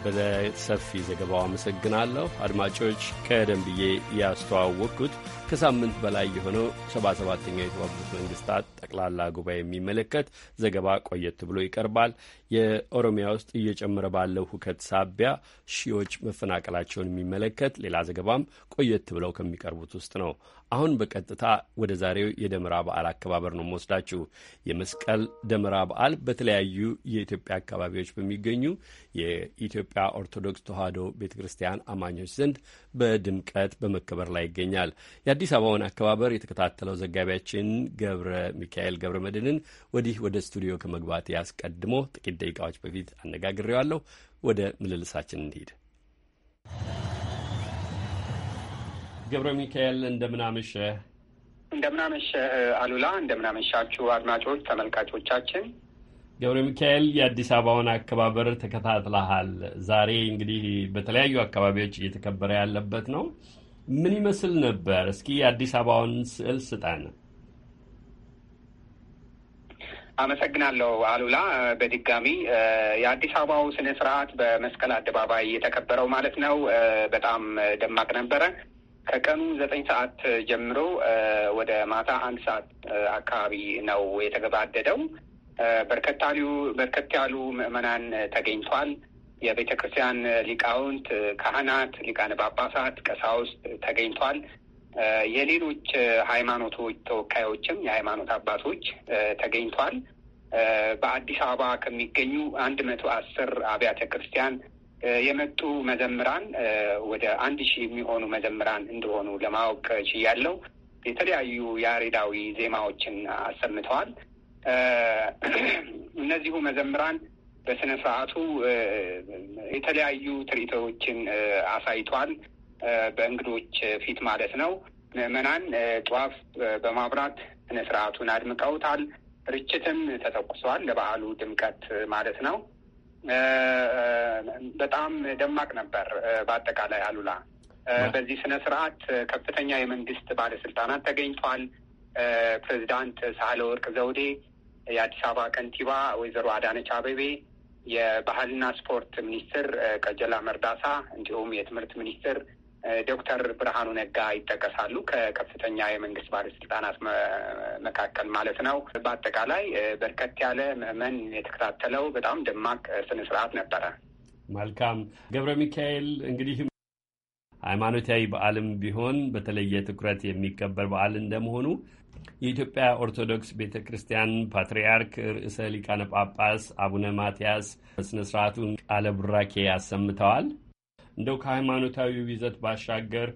በሰፊ ዘገባው አመሰግናለሁ። አድማጮች ቀደም ብዬ ያስተዋወቅኩት ከሳምንት በላይ የሆነው 77ኛው የተባበሩት መንግስታት ጠቅላላ ጉባኤ የሚመለከት ዘገባ ቆየት ብሎ ይቀርባል። የኦሮሚያ ውስጥ እየጨመረ ባለው ሁከት ሳቢያ ሺዎች መፈናቀላቸውን የሚመለከት ሌላ ዘገባም ቆየት ብለው ከሚቀርቡት ውስጥ ነው። አሁን በቀጥታ ወደ ዛሬው የደመራ በዓል አከባበር ነው መወስዳችሁ። የመስቀል ደመራ በዓል በተለያዩ የኢትዮጵያ አካባቢዎች በሚገኙ የኢትዮጵያ ኦርቶዶክስ ተዋሕዶ ቤተ ክርስቲያን አማኞች ዘንድ በድምቀት በመከበር ላይ ይገኛል። የአዲስ አበባውን አከባበር የተከታተለው ዘጋቢያችን ገብረ ሚካኤል ገብረ መድህንን ወዲህ ወደ ስቱዲዮ ከመግባት ያስቀድሞ ጥቂት ደቂቃዎች በፊት አነጋግሬዋለሁ። ወደ ምልልሳችን እንሂድ። ገብረ ሚካኤል እንደምናመሸ እንደምናመሸ አሉላ እንደምናመሻችሁ አድማጮች ተመልካቾቻችን ገብረ ሚካኤል የአዲስ አበባውን አከባበር ተከታትለሃል። ዛሬ እንግዲህ በተለያዩ አካባቢዎች እየተከበረ ያለበት ነው። ምን ይመስል ነበር? እስኪ የአዲስ አበባውን ስዕል ስጠን። አመሰግናለሁ አሉላ። በድጋሚ የአዲስ አበባው ስነ ስርዓት በመስቀል አደባባይ የተከበረው ማለት ነው በጣም ደማቅ ነበረ። ከቀኑ ዘጠኝ ሰዓት ጀምሮ ወደ ማታ አንድ ሰዓት አካባቢ ነው የተገባደደው። በርከት ያሉ ምዕመናን ተገኝቷል። የቤተ ክርስቲያን ሊቃውንት፣ ካህናት፣ ሊቃነ ጳጳሳት፣ ቀሳውስት ተገኝቷል። የሌሎች ሃይማኖቶች ተወካዮችም የሃይማኖት አባቶች ተገኝቷል። በአዲስ አበባ ከሚገኙ አንድ መቶ አስር አብያተ ክርስቲያን የመጡ መዘምራን ወደ አንድ ሺህ የሚሆኑ መዘምራን እንደሆኑ ለማወቅ ችያለው። የተለያዩ ያሬዳዊ ዜማዎችን አሰምተዋል። እነዚሁ መዘምራን በስነ ስርዓቱ የተለያዩ ትርኢቶችን አሳይቷል። በእንግዶች ፊት ማለት ነው። ምዕመናን ጧፍ በማብራት ስነ ስርዓቱን አድምቀውታል። ርችትም ተተኩሷል። ለበዓሉ ድምቀት ማለት ነው። በጣም ደማቅ ነበር። በአጠቃላይ አሉላ በዚህ ስነ ስርዓት ከፍተኛ የመንግስት ባለስልጣናት ተገኝቷል። ፕሬዚዳንት ሳህለወርቅ ዘውዴ የአዲስ አበባ ከንቲባ ወይዘሮ አዳነች አበቤ የባህልና ስፖርት ሚኒስትር ቀጀላ መርዳሳ እንዲሁም የትምህርት ሚኒስትር ዶክተር ብርሃኑ ነጋ ይጠቀሳሉ። ከከፍተኛ የመንግስት ባለስልጣናት መካከል ማለት ነው። በአጠቃላይ በርከት ያለ ምዕመን የተከታተለው በጣም ደማቅ ስነ ስርዓት ነበረ። መልካም ገብረ ሚካኤል እንግዲህ ሃይማኖታዊ በዓልም ቢሆን በተለየ ትኩረት የሚከበር በዓል እንደመሆኑ የኢትዮጵያ ኦርቶዶክስ ቤተ ክርስቲያን ፓትርያርክ ርዕሰ ሊቃነ ጳጳስ አቡነ ማትያስ ስነ ሥርዓቱን ቃለ ቡራኬ አሰምተዋል። እንደው ከሃይማኖታዊ ይዘት ባሻገር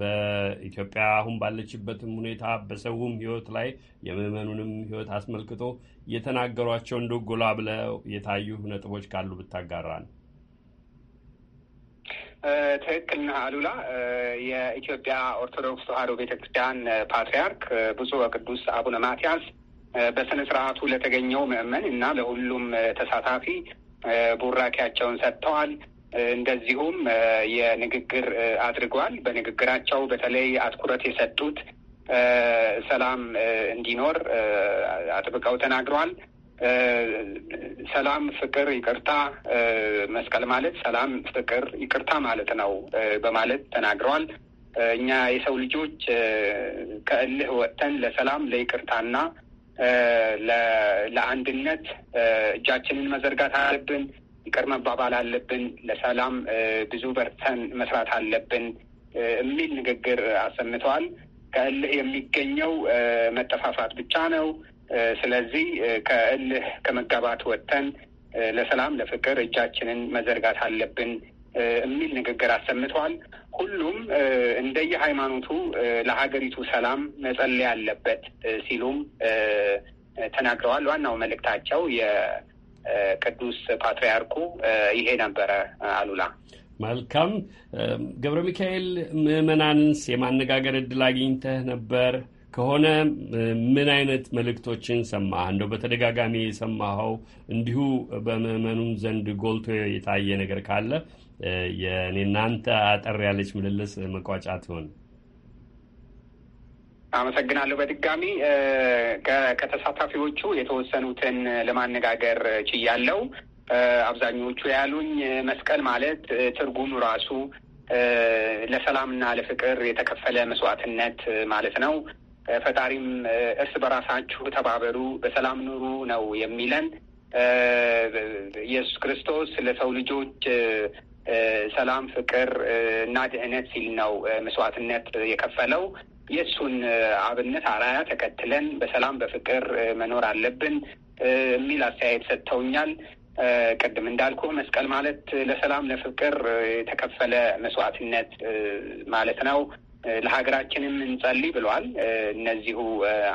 በኢትዮጵያ አሁን ባለችበትም ሁኔታ በሰውም ሕይወት ላይ የምዕመኑንም ሕይወት አስመልክቶ የተናገሯቸው እንደ ጎላ ብለው የታዩ ነጥቦች ካሉ ብታጋራን። ትክክልና አሉላ። የኢትዮጵያ ኦርቶዶክስ ተዋህዶ ቤተክርስቲያን ፓትርያርክ ብፁዕ ወቅዱስ አቡነ ማትያስ በስነ ስርዓቱ ለተገኘው ምዕመን እና ለሁሉም ተሳታፊ ቡራኪያቸውን ሰጥተዋል። እንደዚሁም የንግግር አድርጓል። በንግግራቸው በተለይ አትኩረት የሰጡት ሰላም እንዲኖር አጥብቀው ተናግረዋል። ሰላም፣ ፍቅር፣ ይቅርታ መስቀል ማለት ሰላም፣ ፍቅር፣ ይቅርታ ማለት ነው በማለት ተናግረዋል። እኛ የሰው ልጆች ከእልህ ወጥተን ለሰላም ለይቅርታና ለአንድነት እጃችንን መዘርጋት አለብን። ይቅር መባባል አለብን። ለሰላም ብዙ በርተን መስራት አለብን የሚል ንግግር አሰምተዋል። ከእልህ የሚገኘው መጠፋፋት ብቻ ነው። ስለዚህ ከእልህ ከመጋባት ወጥተን ለሰላም ለፍቅር እጃችንን መዘርጋት አለብን የሚል ንግግር አሰምተዋል። ሁሉም እንደየ ሃይማኖቱ ለሀገሪቱ ሰላም መጸለይ አለበት ሲሉም ተናግረዋል። ዋናው መልእክታቸው የቅዱስ ፓትርያርኩ ይሄ ነበረ። አሉላ መልካም ገብረ ሚካኤል ምዕመናንስ የማነጋገር እድል አግኝተህ ነበር? ከሆነ ምን አይነት መልእክቶችን ሰማህ? እንደው በተደጋጋሚ የሰማኸው እንዲሁ በምዕመኑም ዘንድ ጎልቶ የታየ ነገር ካለ የእናንተ አጠር ያለች ምልልስ መቋጫ ትሆን። አመሰግናለሁ። በድጋሚ ከተሳታፊዎቹ የተወሰኑትን ለማነጋገር ችያለው። አብዛኞቹ ያሉኝ መስቀል ማለት ትርጉሙ ራሱ ለሰላምና ለፍቅር የተከፈለ መስዋዕትነት ማለት ነው። ፈጣሪም እርስ በራሳችሁ ተባበሩ፣ በሰላም ኑሩ ነው የሚለን። ኢየሱስ ክርስቶስ ለሰው ልጆች ሰላም፣ ፍቅር እና ድህነት ሲል ነው መስዋዕትነት የከፈለው። የእሱን አብነት አራያ ተከትለን በሰላም በፍቅር መኖር አለብን የሚል አስተያየት ሰጥተውኛል። ቅድም እንዳልኩ መስቀል ማለት ለሰላም ለፍቅር የተከፈለ መስዋዕትነት ማለት ነው። ለሀገራችንም እንጸልይ ብለዋል። እነዚሁ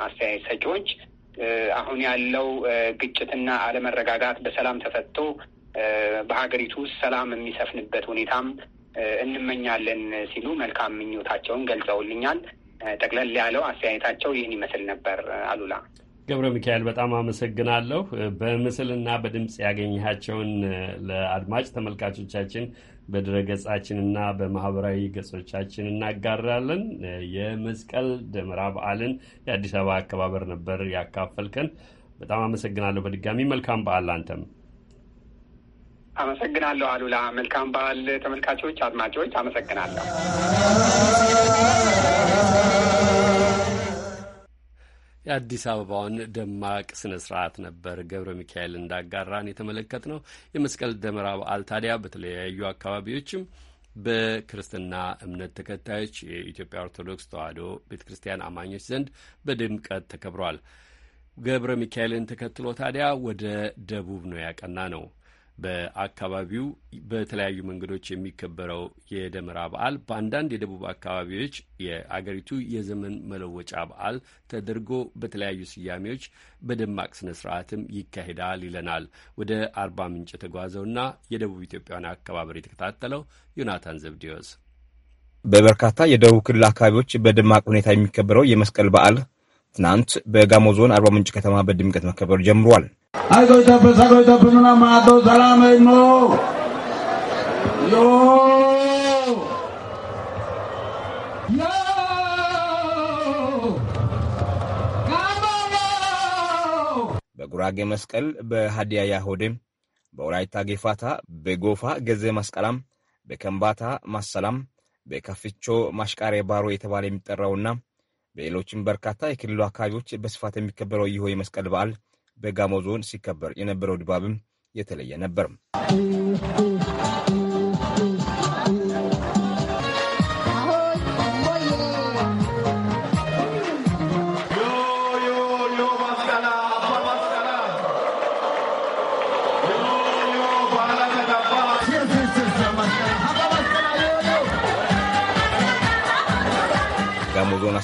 አስተያየት ሰጪዎች አሁን ያለው ግጭትና አለመረጋጋት በሰላም ተፈቶ በሀገሪቱ ውስጥ ሰላም የሚሰፍንበት ሁኔታም እንመኛለን ሲሉ መልካም ምኞታቸውን ገልጸውልኛል። ጠቅለል ያለው አስተያየታቸው ይህን ይመስል ነበር። አሉላ ገብረ ሚካኤል በጣም አመሰግናለሁ። በምስልና በድምፅ ያገኘሃቸውን ለአድማጭ ተመልካቾቻችን ገጻችንና በማህበራዊ ገጾቻችን እናጋራለን። የመስቀል ደመራ በዓልን የአዲስ አበባ አከባበር ነበር ያካፈልከን። በጣም አመሰግናለሁ። በድጋሚ መልካም በዓል። አንተም አመሰግናለሁ አሉላ። መልካም በዓል ተመልካቾች፣ አድማጮች አመሰግናለሁ። የአዲስ አበባውን ደማቅ ስነ ስርዓት ነበር ገብረ ሚካኤል እንዳጋራን የተመለከት ነው። የመስቀል ደመራ በዓል ታዲያ በተለያዩ አካባቢዎችም በክርስትና እምነት ተከታዮች የኢትዮጵያ ኦርቶዶክስ ተዋሕዶ ቤተ ክርስቲያን አማኞች ዘንድ በድምቀት ተከብሯል። ገብረ ሚካኤልን ተከትሎ ታዲያ ወደ ደቡብ ነው ያቀና ነው። በአካባቢው በተለያዩ መንገዶች የሚከበረው የደመራ በዓል በአንዳንድ የደቡብ አካባቢዎች የአገሪቱ የዘመን መለወጫ በዓል ተደርጎ በተለያዩ ስያሜዎች በደማቅ ስነ ስርዓትም ይካሄዳል ይለናል ወደ አርባ ምንጭ የተጓዘውና የደቡብ ኢትዮጵያን አከባበር የተከታተለው ዮናታን ዘብዲዮስ። በበርካታ የደቡብ ክልል አካባቢዎች በደማቅ ሁኔታ የሚከበረው የመስቀል በዓል ትናንት በጋሞ ዞን አርባ ምንጭ ከተማ በድምቀት መከበር ጀምሯል። በጉራጌ መስቀል፣ በሃዲያ ያሆዴ፣ በወላይታ ጌፋታ፣ በጎፋ ገዜ ማስቀላም፣ በከምባታ ማሰላም፣ በከፍቾ ማሽቃሬ ባሮ የተባለ የሚጠራውና በሌሎችም በርካታ የክልሉ አካባቢዎች በስፋት የሚከበረው ይህ የመስቀል በዓል በጋሞ ዞን ሲከበር የነበረው ድባብም የተለየ ነበር።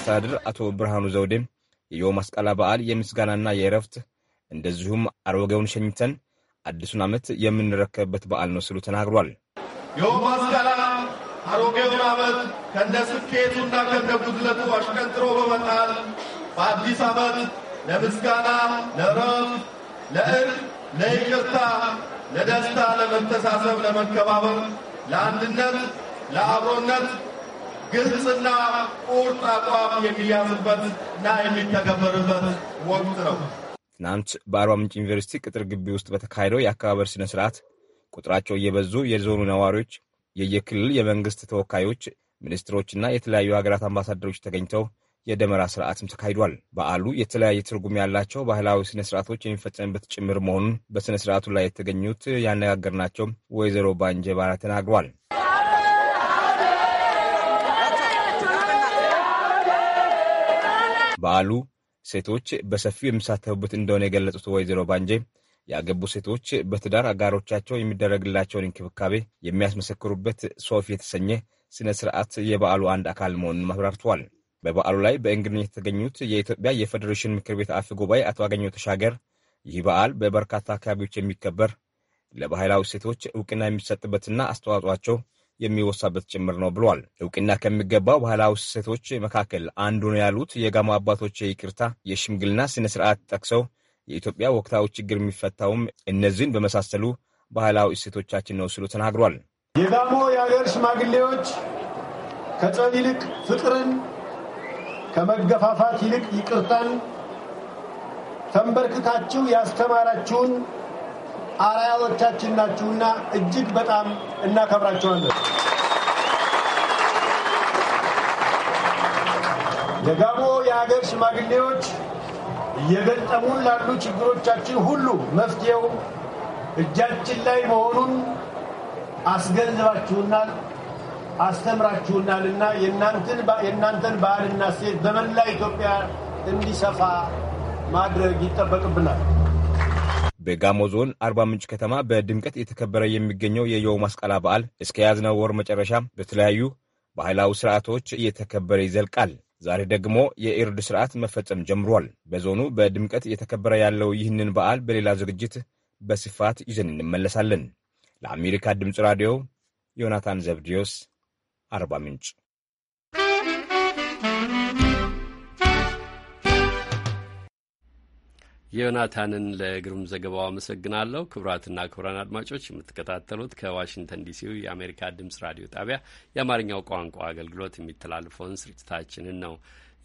አስተዳደር አቶ ብርሃኑ ዘውዴ የዮ ማስቀላ በዓል የምስጋናና የእረፍት እንደዚሁም አሮጌውን ሸኝተን አዲሱን ዓመት የምንረከብበት በዓል ነው ሲሉ ተናግሯል። ዮ ማስቀላ አሮጌውን ዓመት ከነ ስኬቱና ከእንደ ጉድለቱ አሽቀንጥሮ በመጣል በአዲስ ዓመት ለምስጋና፣ ለእረፍት፣ ለእርቅ፣ ለይቅርታ፣ ለደስታ፣ ለመተሳሰብ፣ ለመከባበር፣ ለአንድነት፣ ለአብሮነት ግልጽና ቁርጥ አቋም የሚያዝበትና የሚተገበርበት ወቅት ነው። ትናንት በአርባ ምንጭ ዩኒቨርሲቲ ቅጥር ግቢ ውስጥ በተካሄደው የአከባበር ስነ ስርዓት ቁጥራቸው እየበዙ የዞኑ ነዋሪዎች፣ የየክልል የመንግስት ተወካዮች፣ ሚኒስትሮችና የተለያዩ ሀገራት አምባሳደሮች ተገኝተው የደመራ ስርዓትም ተካሂዷል። በዓሉ የተለያየ ትርጉም ያላቸው ባህላዊ ስነ ስርዓቶች የሚፈጸምበት ጭምር መሆኑን በስነ ስርዓቱ ላይ የተገኙት ያነጋገርናቸው ወይዘሮ ባንጀባራ ተናግሯል። በዓሉ ሴቶች በሰፊው የሚሳተፉበት እንደሆነ የገለጹት ወይዘሮ ባንጄ ያገቡ ሴቶች በትዳር አጋሮቻቸው የሚደረግላቸውን እንክብካቤ የሚያስመሰክሩበት ሶፊ የተሰኘ ስነ ስርዓት የበዓሉ አንድ አካል መሆኑን አብራርተዋል። በበዓሉ ላይ በእንግድነት የተገኙት የኢትዮጵያ የፌዴሬሽን ምክር ቤት አፈ ጉባኤ አቶ አገኘሁ ተሻገር ይህ በዓል በበርካታ አካባቢዎች የሚከበር ለባህላዊ ሴቶች እውቅና የሚሰጥበትና አስተዋጽኦአቸው የሚወሳበት ጭምር ነው ብሏል። እውቅና ከሚገባው ባህላዊ እሴቶች መካከል አንዱ ነው ያሉት የጋሞ አባቶች የይቅርታ የሽምግልና ስነ ስርዓት ጠቅሰው የኢትዮጵያ ወቅታዊ ችግር የሚፈታውም እነዚህን በመሳሰሉ ባህላዊ እሴቶቻችን ነው ሲሉ ተናግሯል። የጋሞ የአገር ሽማግሌዎች ከጸብ ይልቅ ፍቅርን፣ ከመገፋፋት ይልቅ ይቅርታን ተንበርክታችሁ ያስተማራችሁን አርአያዎቻችን ናችሁና እጅግ በጣም እናከብራችኋለን። የጋሞ የሀገር ሽማግሌዎች እየገጠሙን ላሉ ችግሮቻችን ሁሉ መፍትሄው እጃችን ላይ መሆኑን አስገንዝባችሁናል፣ አስተምራችሁናልና የእናንተን ባህልና ሴት በመላ ኢትዮጵያ እንዲሰፋ ማድረግ ይጠበቅብናል። በጋሞ ዞን አርባ ምንጭ ከተማ በድምቀት የተከበረ የሚገኘው የየው ማስቀላ በዓል እስከ ያዝነው ወር መጨረሻ በተለያዩ ባህላዊ ስርዓቶች እየተከበረ ይዘልቃል። ዛሬ ደግሞ የኢርድ ስርዓት መፈጸም ጀምሯል። በዞኑ በድምቀት እየተከበረ ያለው ይህንን በዓል በሌላ ዝግጅት በስፋት ይዘን እንመለሳለን። ለአሜሪካ ድምፅ ራዲዮ ዮናታን ዘብዲዮስ አርባ ምንጭ ዮናታንን ለግሩም ዘገባው አመሰግናለሁ። ክቡራትና ክቡራን አድማጮች የምትከታተሉት ከዋሽንግተን ዲሲው የአሜሪካ ድምጽ ራዲዮ ጣቢያ የአማርኛው ቋንቋ አገልግሎት የሚተላልፈውን ስርጭታችንን ነው።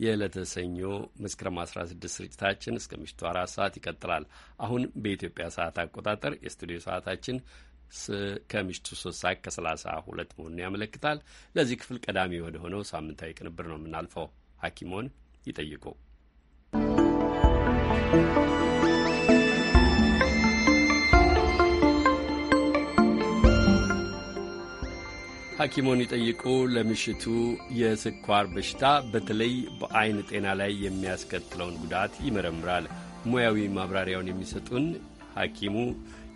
የዕለተ ሰኞ መስከረም 16 ስርጭታችን እስከ ምሽቱ አራት ሰዓት ይቀጥላል። አሁን በኢትዮጵያ ሰዓት አቆጣጠር የስቱዲዮ ሰዓታችን ከምሽቱ ሶስት ሰዓት ከሰላሳ ሁለት መሆኑን ያመለክታል። ለዚህ ክፍል ቀዳሚ ወደ ሆነው ሳምንታዊ ቅንብር ነው የምናልፈው። ሐኪሞን ይጠይቁ ሐኪሞን ይጠይቁ ለምሽቱ የስኳር በሽታ በተለይ በአይን ጤና ላይ የሚያስከትለውን ጉዳት ይመረምራል። ሙያዊ ማብራሪያውን የሚሰጡን ሐኪሙ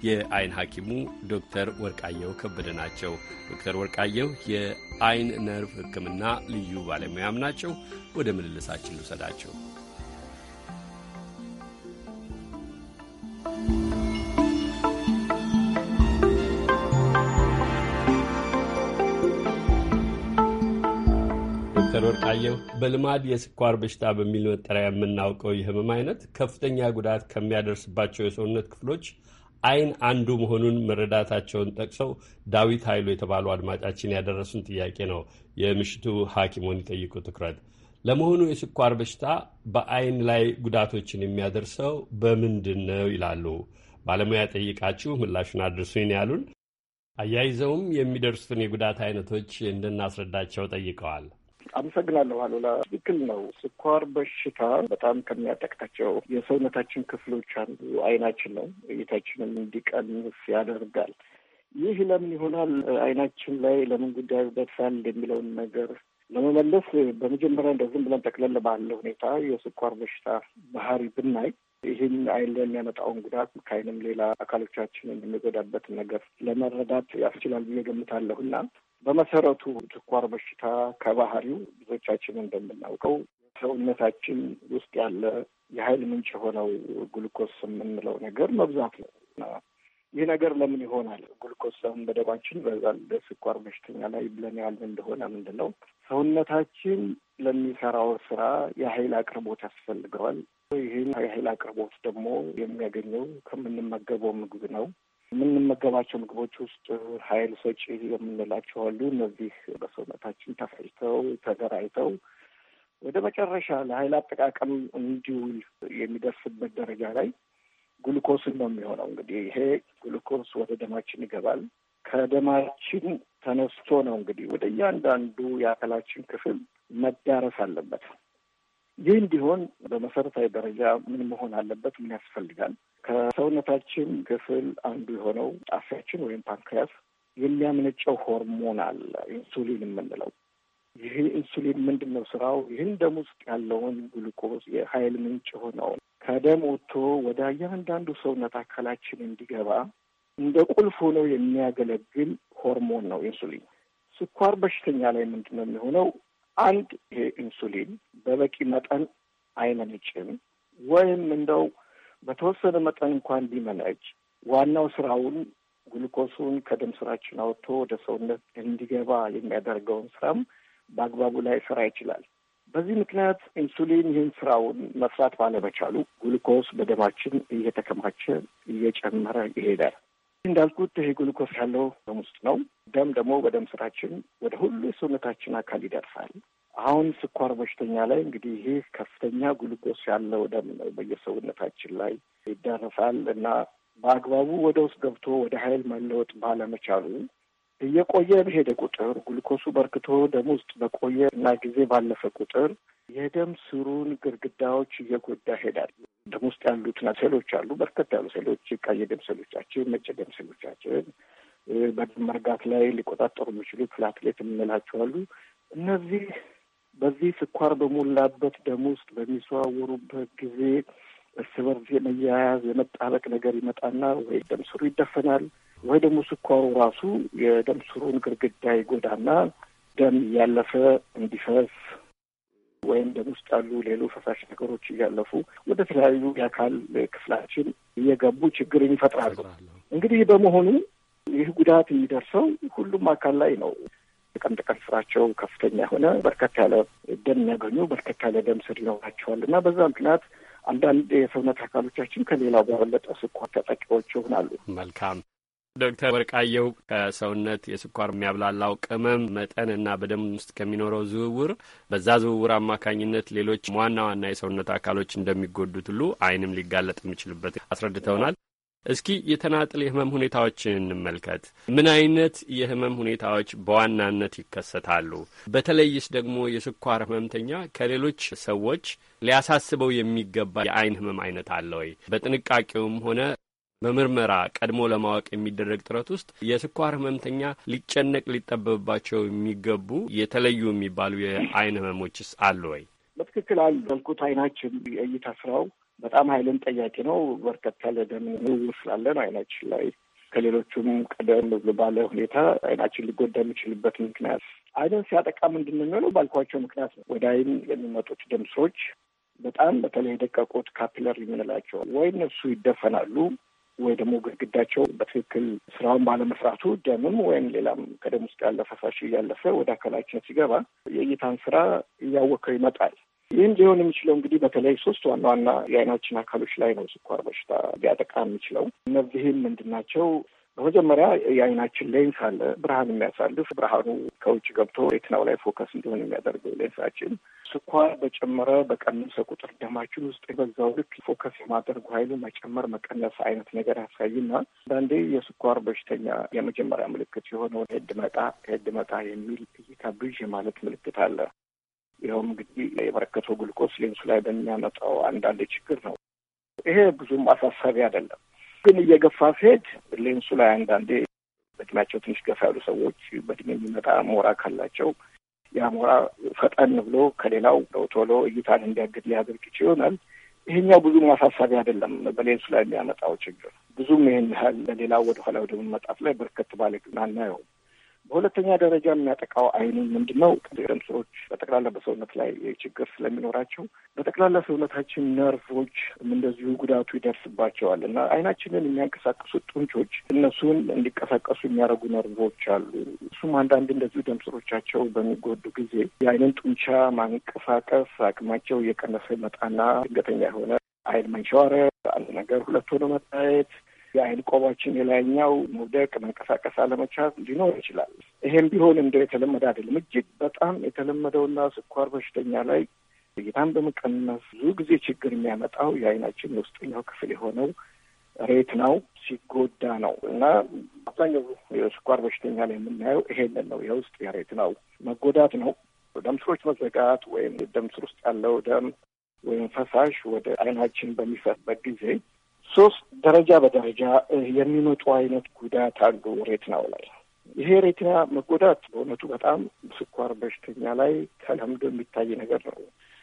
የአይን ሐኪሙ ዶክተር ወርቃየሁ ከበደ ናቸው። ዶክተር ወርቃየሁ የአይን ነርቭ ሕክምና ልዩ ባለሙያም ናቸው። ወደ ምልልሳችን ልውሰዳቸው። ዶክተር ወርቃየሁ በልማድ የስኳር በሽታ በሚል መጠሪያ የምናውቀው የህመም አይነት ከፍተኛ ጉዳት ከሚያደርስባቸው የሰውነት ክፍሎች አይን አንዱ መሆኑን መረዳታቸውን ጠቅሰው ዳዊት ኃይሉ የተባሉ አድማጫችን ያደረሱን ጥያቄ ነው የምሽቱ ሐኪሞን ይጠይቁ ትኩረት። ለመሆኑ የስኳር በሽታ በአይን ላይ ጉዳቶችን የሚያደርሰው በምንድን ነው ይላሉ። ባለሙያ ጠይቃችሁ ምላሹን አድርሱኝ ያሉን አያይዘውም የሚደርሱትን የጉዳት አይነቶች እንድናስረዳቸው ጠይቀዋል። አመሰግናለሁ አሉላ። ትክክል ነው። ስኳር በሽታ በጣም ከሚያጠቅታቸው የሰውነታችን ክፍሎች አንዱ አይናችን ነው። እይታችንም እንዲቀንስ ያደርጋል። ይህ ለምን ይሆናል? አይናችን ላይ ለምን ጉዳዩ ደርሳል የሚለውን ነገር ለመመለስ በመጀመሪያ እንደው ዝም ብለን ጠቅለል ባለ ሁኔታ የስኳር በሽታ ባህሪ ብናይ ይህን አይን ላይ የሚያመጣውን ጉዳት ከአይንም ሌላ አካሎቻችን የሚጎዳበት ነገር ለመረዳት ያስችላል ብዬ ገምታለሁ እና በመሰረቱ ስኳር በሽታ ከባህሪው ብዙዎቻችን እንደምናውቀው ሰውነታችን ውስጥ ያለ የኃይል ምንጭ የሆነው ግሉኮስ የምንለው ነገር መብዛት ነው። ይህ ነገር ለምን ይሆናል? ግሉኮስ አሁን በደማችን ይበዛል። ለስኳር በሽተኛ ላይ ብለን ያልን እንደሆነ ምንድን ነው ሰውነታችን ለሚሰራው ስራ የኃይል አቅርቦት ያስፈልገዋል። ይህን የኃይል አቅርቦት ደግሞ የሚያገኘው ከምንመገበው ምግብ ነው። የምንመገባቸው ምግቦች ውስጥ ኃይል ሰጪ የምንላቸው አሉ። እነዚህ በሰውነታችን ተፈጭተው ተዘራይተው ወደ መጨረሻ ለኃይል አጠቃቀም እንዲውል የሚደርስበት ደረጃ ላይ ግሉኮስን ነው የሚሆነው። እንግዲህ ይሄ ግሉኮስ ወደ ደማችን ይገባል። ከደማችን ተነስቶ ነው እንግዲህ ወደ እያንዳንዱ የአካላችን ክፍል መዳረስ አለበት። ይህ እንዲሆን በመሰረታዊ ደረጃ ምን መሆን አለበት? ምን ያስፈልጋል? ከሰውነታችን ክፍል አንዱ የሆነው ጣፊያችን ወይም ፓንክሪያስ የሚያምነጨው ሆርሞን አለ፣ ኢንሱሊን የምንለው። ይህ ኢንሱሊን ምንድን ነው ስራው? ይህን ደም ውስጥ ያለውን ግሉኮዝ የሀይል ምንጭ የሆነውን ከደም ወጥቶ ወደ እያንዳንዱ ሰውነት አካላችን እንዲገባ እንደ ቁልፍ ሆኖ የሚያገለግል ሆርሞን ነው ኢንሱሊን። ስኳር በሽተኛ ላይ ምንድን ነው የሚሆነው? አንድ ኢንሱሊን በበቂ መጠን አይመነጭም፣ ወይም እንደው በተወሰነ መጠን እንኳን ቢመነጭ ዋናው ስራውን ግሉኮሱን ከደም ስራችን አውጥቶ ወደ ሰውነት እንዲገባ የሚያደርገውን ስራም በአግባቡ ላይ ስራ ይችላል። በዚህ ምክንያት ኢንሱሊን ይህን ስራውን መስራት ባለመቻሉ ግሉኮስ በደማችን እየተከማቸ እየጨመረ ይሄዳል። እንዳልኩት ይሄ ግሉኮስ ያለው ደም ውስጥ ነው። ደም ደግሞ በደም ስራችን ወደ ሁሉ የሰውነታችን አካል ይደርሳል። አሁን ስኳር በሽተኛ ላይ እንግዲህ ይሄ ከፍተኛ ግሉኮስ ያለው ደም በየሰውነታችን ላይ ይደረሳል እና በአግባቡ ወደ ውስጥ ገብቶ ወደ ኃይል መለወጥ ባለመቻሉ እየቆየ በሄደ ቁጥር ግሉኮሱ በርክቶ ደም ውስጥ በቆየ እና ጊዜ ባለፈ ቁጥር የደም ስሩን ግርግዳዎች እየጎዳ ሄዳል። ደም ውስጥ ያሉት ሴሎች አሉ፣ በርከት ያሉ ሴሎች፣ ቀይ ደም ሴሎቻችን፣ ነጭ ደም ሴሎቻችን፣ በደም መርጋት ላይ ሊቆጣጠሩ የሚችሉ ፕላትሌት የምንላቸው አሉ። እነዚህ በዚህ ስኳር በሞላበት ደም ውስጥ በሚዘዋወሩበት ጊዜ እርስ በርስ የመያያዝ የመጣበቅ ነገር ይመጣና ወይ ደም ስሩ ይደፈናል፣ ወይ ደግሞ ስኳሩ ራሱ የደም ስሩን ግርግዳ ይጎዳና ደም እያለፈ እንዲፈስ ወይም ደም ውስጥ ያሉ ፈሳሽ ነገሮች እያለፉ ወደ ተለያዩ የአካል ክፍላችን እየገቡ ችግርን ይፈጥራሉ። እንግዲህ በመሆኑ ይህ ጉዳት የሚደርሰው ሁሉም አካል ላይ ነው። የቀን ተቀን ስራቸው ከፍተኛ የሆነ በርከት ያለ ደም የሚያገኙ በርከት ያለ ደም ስር ይኖራቸዋል እና በዛ ምክንያት አንዳንድ የሰውነት አካሎቻችን ከሌላው በበለጠ ስኳር ተጠቂዎች ይሆናሉ። መልካም ዶክተር ወርቃየው ከሰውነት የስኳር የሚያብላላው ቅመም መጠን እና በደም ውስጥ ከሚኖረው ዝውውር በዛ ዝውውር አማካኝነት ሌሎች ዋና ዋና የሰውነት አካሎች እንደሚጎዱት ሁሉ አይንም ሊጋለጥ የሚችልበት አስረድተውናል። እስኪ የተናጥል የህመም ሁኔታዎችን እንመልከት። ምን አይነት የህመም ሁኔታዎች በዋናነት ይከሰታሉ? በተለይስ ደግሞ የስኳር ህመምተኛ ከሌሎች ሰዎች ሊያሳስበው የሚገባ የአይን ህመም አይነት አለ ወይ? በጥንቃቄውም ሆነ በምርመራ ቀድሞ ለማወቅ የሚደረግ ጥረት ውስጥ የስኳር ህመምተኛ ሊጨነቅ ሊጠበብባቸው የሚገቡ የተለዩ የሚባሉ የአይን ህመሞችስ አሉ ወይ? በትክክል አሉ። ያልኩት አይናችን የእይታ ስራው በጣም ኃይልን ጠያቂ ነው። በርከት ያለ ደም ዝውውር ስላለን አይናችን ላይ ከሌሎቹም ቀደም ብሎ ባለ ሁኔታ አይናችን ሊጎዳ የሚችልበት ምክንያት አይንን ሲያጠቃ ምንድን የሚሆነው? ባልኳቸው ምክንያት ነው። ወደ አይን የሚመጡት ደም ስሮች በጣም በተለይ የደቀቁት ካፒለር የምንላቸው ወይ እነሱ ይደፈናሉ ወይ ደግሞ ግድግዳቸው በትክክል ስራውን ባለመስራቱ ደምም ወይም ሌላም ከደም ውስጥ ያለ ፈሳሽ እያለፈ ወደ አካላችን ሲገባ የእይታን ስራ እያወከው ይመጣል። ይህም ሊሆን የሚችለው እንግዲህ በተለይ ሶስት ዋና ዋና የአይናችን አካሎች ላይ ነው ስኳር በሽታ ሊያጠቃ የሚችለው። እነዚህም ምንድናቸው? ናቸው? በመጀመሪያ የአይናችን ሌንስ አለ፣ ብርሃን የሚያሳልፍ ብርሃኑ ከውጭ ገብቶ ሬቲናው ላይ ፎከስ እንዲሆን የሚያደርገው ሌንሳችን። ስኳር በጨመረ በቀነሰ ቁጥር ደማችን ውስጥ በዛው ልክ ፎከስ የማደርጉ ኃይሉ መጨመር መቀነስ አይነት ነገር ያሳይና አንዳንዴ የስኳር በሽተኛ የመጀመሪያ ምልክት የሆነውን ሄድ መጣ ሄድ መጣ የሚል እይታ ብዥ ማለት ምልክት አለ። ይኸውም እንግዲህ የበረከተው ጉልቆስ ሌንሱ ላይ በሚያመጣው አንዳንድ ችግር ነው። ይሄ ብዙም አሳሳቢ አይደለም። ግን እየገፋ ሲሄድ ሌንሱ ላይ አንዳንዴ በእድሜያቸው ትንሽ ገፋ ያሉ ሰዎች በእድሜ የሚመጣ ሞራ ካላቸው ያ ሞራ ፈጠን ብሎ ከሌላው ቶሎ እይታን እንዲያግድ ሊያደርግ ይችል ይሆናል። ይሄኛው ብዙም አሳሳቢ አይደለም። በሌንሱ ላይ የሚያመጣው ችግር ብዙም ይህን ያህል ለሌላው ወደኋላ ወደ መመጣት ላይ በርከት ባለ ግን አናየውም። በሁለተኛ ደረጃ የሚያጠቃው አይንን ምንድን ነው? ደም ስሮች በጠቅላላ በሰውነት ላይ ችግር ስለሚኖራቸው በጠቅላላ ሰውነታችን ነርቮች እንደዚሁ ጉዳቱ ይደርስባቸዋል እና አይናችንን የሚያንቀሳቀሱ ጡንቾች እነሱን እንዲቀሳቀሱ የሚያደርጉ ነርቮች አሉ። እሱም አንዳንድ እንደዚሁ ደም ስሮቻቸው በሚጎዱ ጊዜ የአይንን ጡንቻ ማንቀሳቀስ አቅማቸው እየቀነሰ መጣና ድንገተኛ የሆነ አይን መንሸዋረ አንድ ነገር ሁለት ሆኖ መታየት የአይን ቆባችን የላይኛው መውደቅ፣ መንቀሳቀስ አለመቻት ሊኖር ይችላል። ይሄም ቢሆን እንደ የተለመደ አይደለም። እጅግ በጣም የተለመደውና ስኳር በሽተኛ ላይ እይታን በመቀነስ ብዙ ጊዜ ችግር የሚያመጣው የአይናችን የውስጠኛው ክፍል የሆነው ሬት ነው ሲጎዳ ነው እና አብዛኛው የስኳር በሽተኛ ላይ የምናየው ይሄንን ነው። የውስጥ የሬት ነው መጎዳት ነው። ደም ስሮች መዘጋት ወይም ደም ስር ውስጥ ያለው ደም ወይም ፈሳሽ ወደ አይናችን በሚፈስበት ጊዜ ሶስት ደረጃ በደረጃ የሚመጡ አይነት ጉዳት አሉ ሬቲናው ላይ ይሄ ሬትና መጎዳት በእውነቱ በጣም ስኳር በሽተኛ ላይ ተለምዶ የሚታይ ነገር ነው።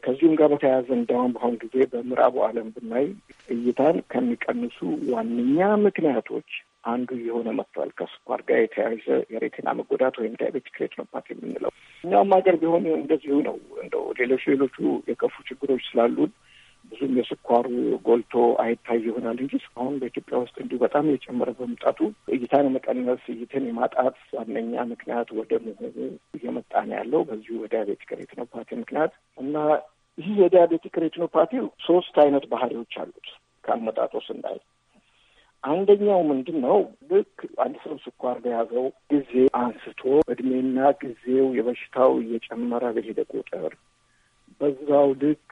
ከዚሁም ጋር በተያያዘ እንዳሁም በአሁን ጊዜ በምዕራቡ ዓለም ብናይ እይታን ከሚቀንሱ ዋነኛ ምክንያቶች አንዱ የሆነ መጥቷል። ከስኳር ጋር የተያያዘ የሬቲና መጎዳት ወይም ዳያቤቲክ ሬቲኖፓቲ የምንለው እኛውም ሀገር ቢሆን እንደዚሁ ነው። እንደው ሌሎች ሌሎቹ የከፉ ችግሮች ስላሉን ብዙም የስኳሩ ጎልቶ አይታይ ይሆናል እንጂ እስካሁን በኢትዮጵያ ውስጥ እንዲሁ በጣም የጨመረ በመምጣቱ እይታን የመቀነስ እይትን የማጣት ዋነኛ ምክንያት ወደ መሆኑ እየመጣ ነው ያለው በዚሁ በዲያቤቲክ ሬቲኖፓቲ ምክንያት እና ይህ የዲያቤቲክ ሬቲኖፓቲ ሶስት አይነት ባህሪዎች አሉት ከአመጣጦ ስናይ አንደኛው ምንድን ነው? ልክ አንድ ሰው ስኳር በያዘው ጊዜ አንስቶ እድሜና ጊዜው የበሽታው እየጨመረ በሄደ ቁጥር በዛው ልክ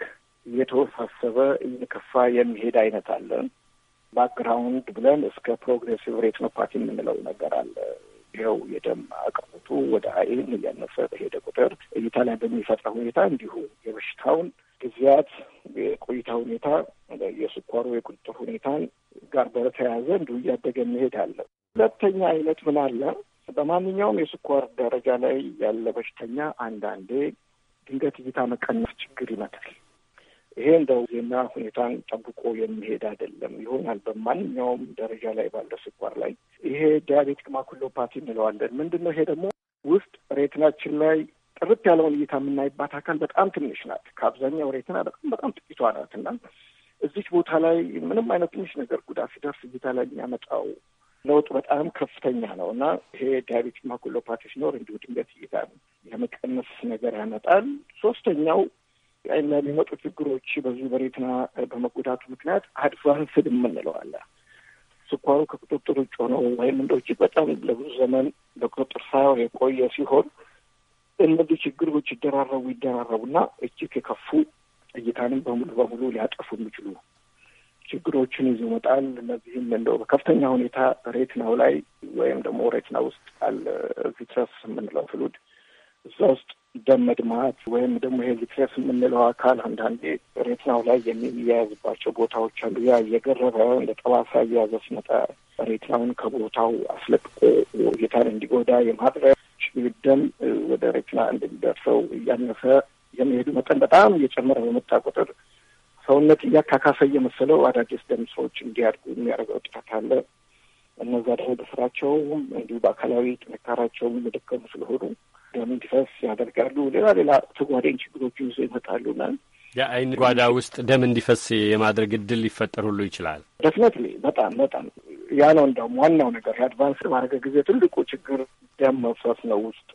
እየተወሳሰበ እየከፋ የሚሄድ አይነት አለ። ባክግራውንድ ብለን እስከ ፕሮግሬሲቭ ሬቲኖፓቲ የምንለው ነገር አለ። ይኸው የደም አቅርቦቱ ወደ አይን እያነሰ በሄደ ቁጥር እይታ ላይ በሚፈጥረው ሁኔታ እንዲሁ የበሽታውን ጊዜያት የቆይታ ሁኔታ የስኳሩ የቁጥጥር ሁኔታን ጋር በተያያዘ እንዲሁ እያደገ መሄድ አለ። ሁለተኛ አይነት ምን አለ? በማንኛውም የስኳር ደረጃ ላይ ያለ በሽተኛ አንዳንዴ ድንገት እይታ መቀነስ ችግር ይመጣል። ይሄ እንደው ዜና ሁኔታን ጠብቆ የሚሄድ አይደለም ይሆናል። በማንኛውም ደረጃ ላይ ባለው ስኳር ላይ ይሄ ዲያቤቲክ ማኩሎፓቲ እንለዋለን። ምንድን ነው ይሄ ደግሞ ውስጥ ሬትናችን ላይ ጥርት ያለውን እይታ የምናይባት አካል በጣም ትንሽ ናት። ከአብዛኛው ሬትና በጣም በጣም ጥቂቷ ናት እና እዚች ቦታ ላይ ምንም አይነት ትንሽ ነገር ጉዳት ሲደርስ እይታ ላይ የሚያመጣው ለውጥ በጣም ከፍተኛ ነው እና ይሄ ዲያቤቲክ ማኩሎፓቲ ሲኖር እንዲሁ ድንገት እይታ የመቀነስ ነገር ያመጣል። ሶስተኛው ለሚመጡ ችግሮች በዚህ በሬትና በመጎዳቱ ምክንያት አድቫንስድ የምንለዋለ ስኳሩ ከቁጥጥር ውጭ ሆኖ ወይም እንደ ውጭ በጣም ለብዙ ዘመን በቁጥጥር ሳይሆን የቆየ ሲሆን እነዚህ ችግሮች ይደራረቡ ይደራረቡና እጅግ የከፉ እይታንም በሙሉ በሙሉ ሊያጠፉ የሚችሉ ችግሮችን ይዞ ይመጣል። እነዚህም እንደው በከፍተኛ ሁኔታ ሬትናው ላይ ወይም ደግሞ ሬትና ውስጥ አለ ቪትረስ የምንለው ፍሉድ እዛ ውስጥ ደም መድማት ወይም ደግሞ ይሄ ዚክሰስ የምንለው አካል አንዳንዴ ሬትናው ላይ የሚያያዝባቸው ቦታዎች አሉ። ያ እየገረበ እንደ ጠባሳ እየያዘ ሲመጣ ሬትናውን ከቦታው አስለቅቆ ጌታን እንዲጎዳ የማድረግ ደም ወደ ሬትና እንደሚደርሰው እያነሰ የሚሄዱ መጠን በጣም እየጨመረ በመጣ ቁጥር ሰውነት እያካካሰ እየመሰለው አዳዲስ ደም ሰዎች እንዲያድጉ የሚያደርገው ጥረት አለ። እነዛ ደግሞ በስራቸውም እንዲሁ በአካላዊ ጥንካራቸውም የደከሙ ስለሆኑ ደም እንዲፈስ ያደርጋሉ። ሌላ ሌላ ተጓዳኝ ችግሮችን ይዞ ና የአይን ጓዳ ውስጥ ደም እንዲፈስ የማድረግ እድል ሊፈጠር ሁሉ ይችላል። ደፍነት በጣም በጣም ያ ነው። እንደውም ዋናው ነገር የአድቫንስ ባረገ ጊዜ ትልቁ ችግር ደም መፍሰስ ነው፣ ውስጥ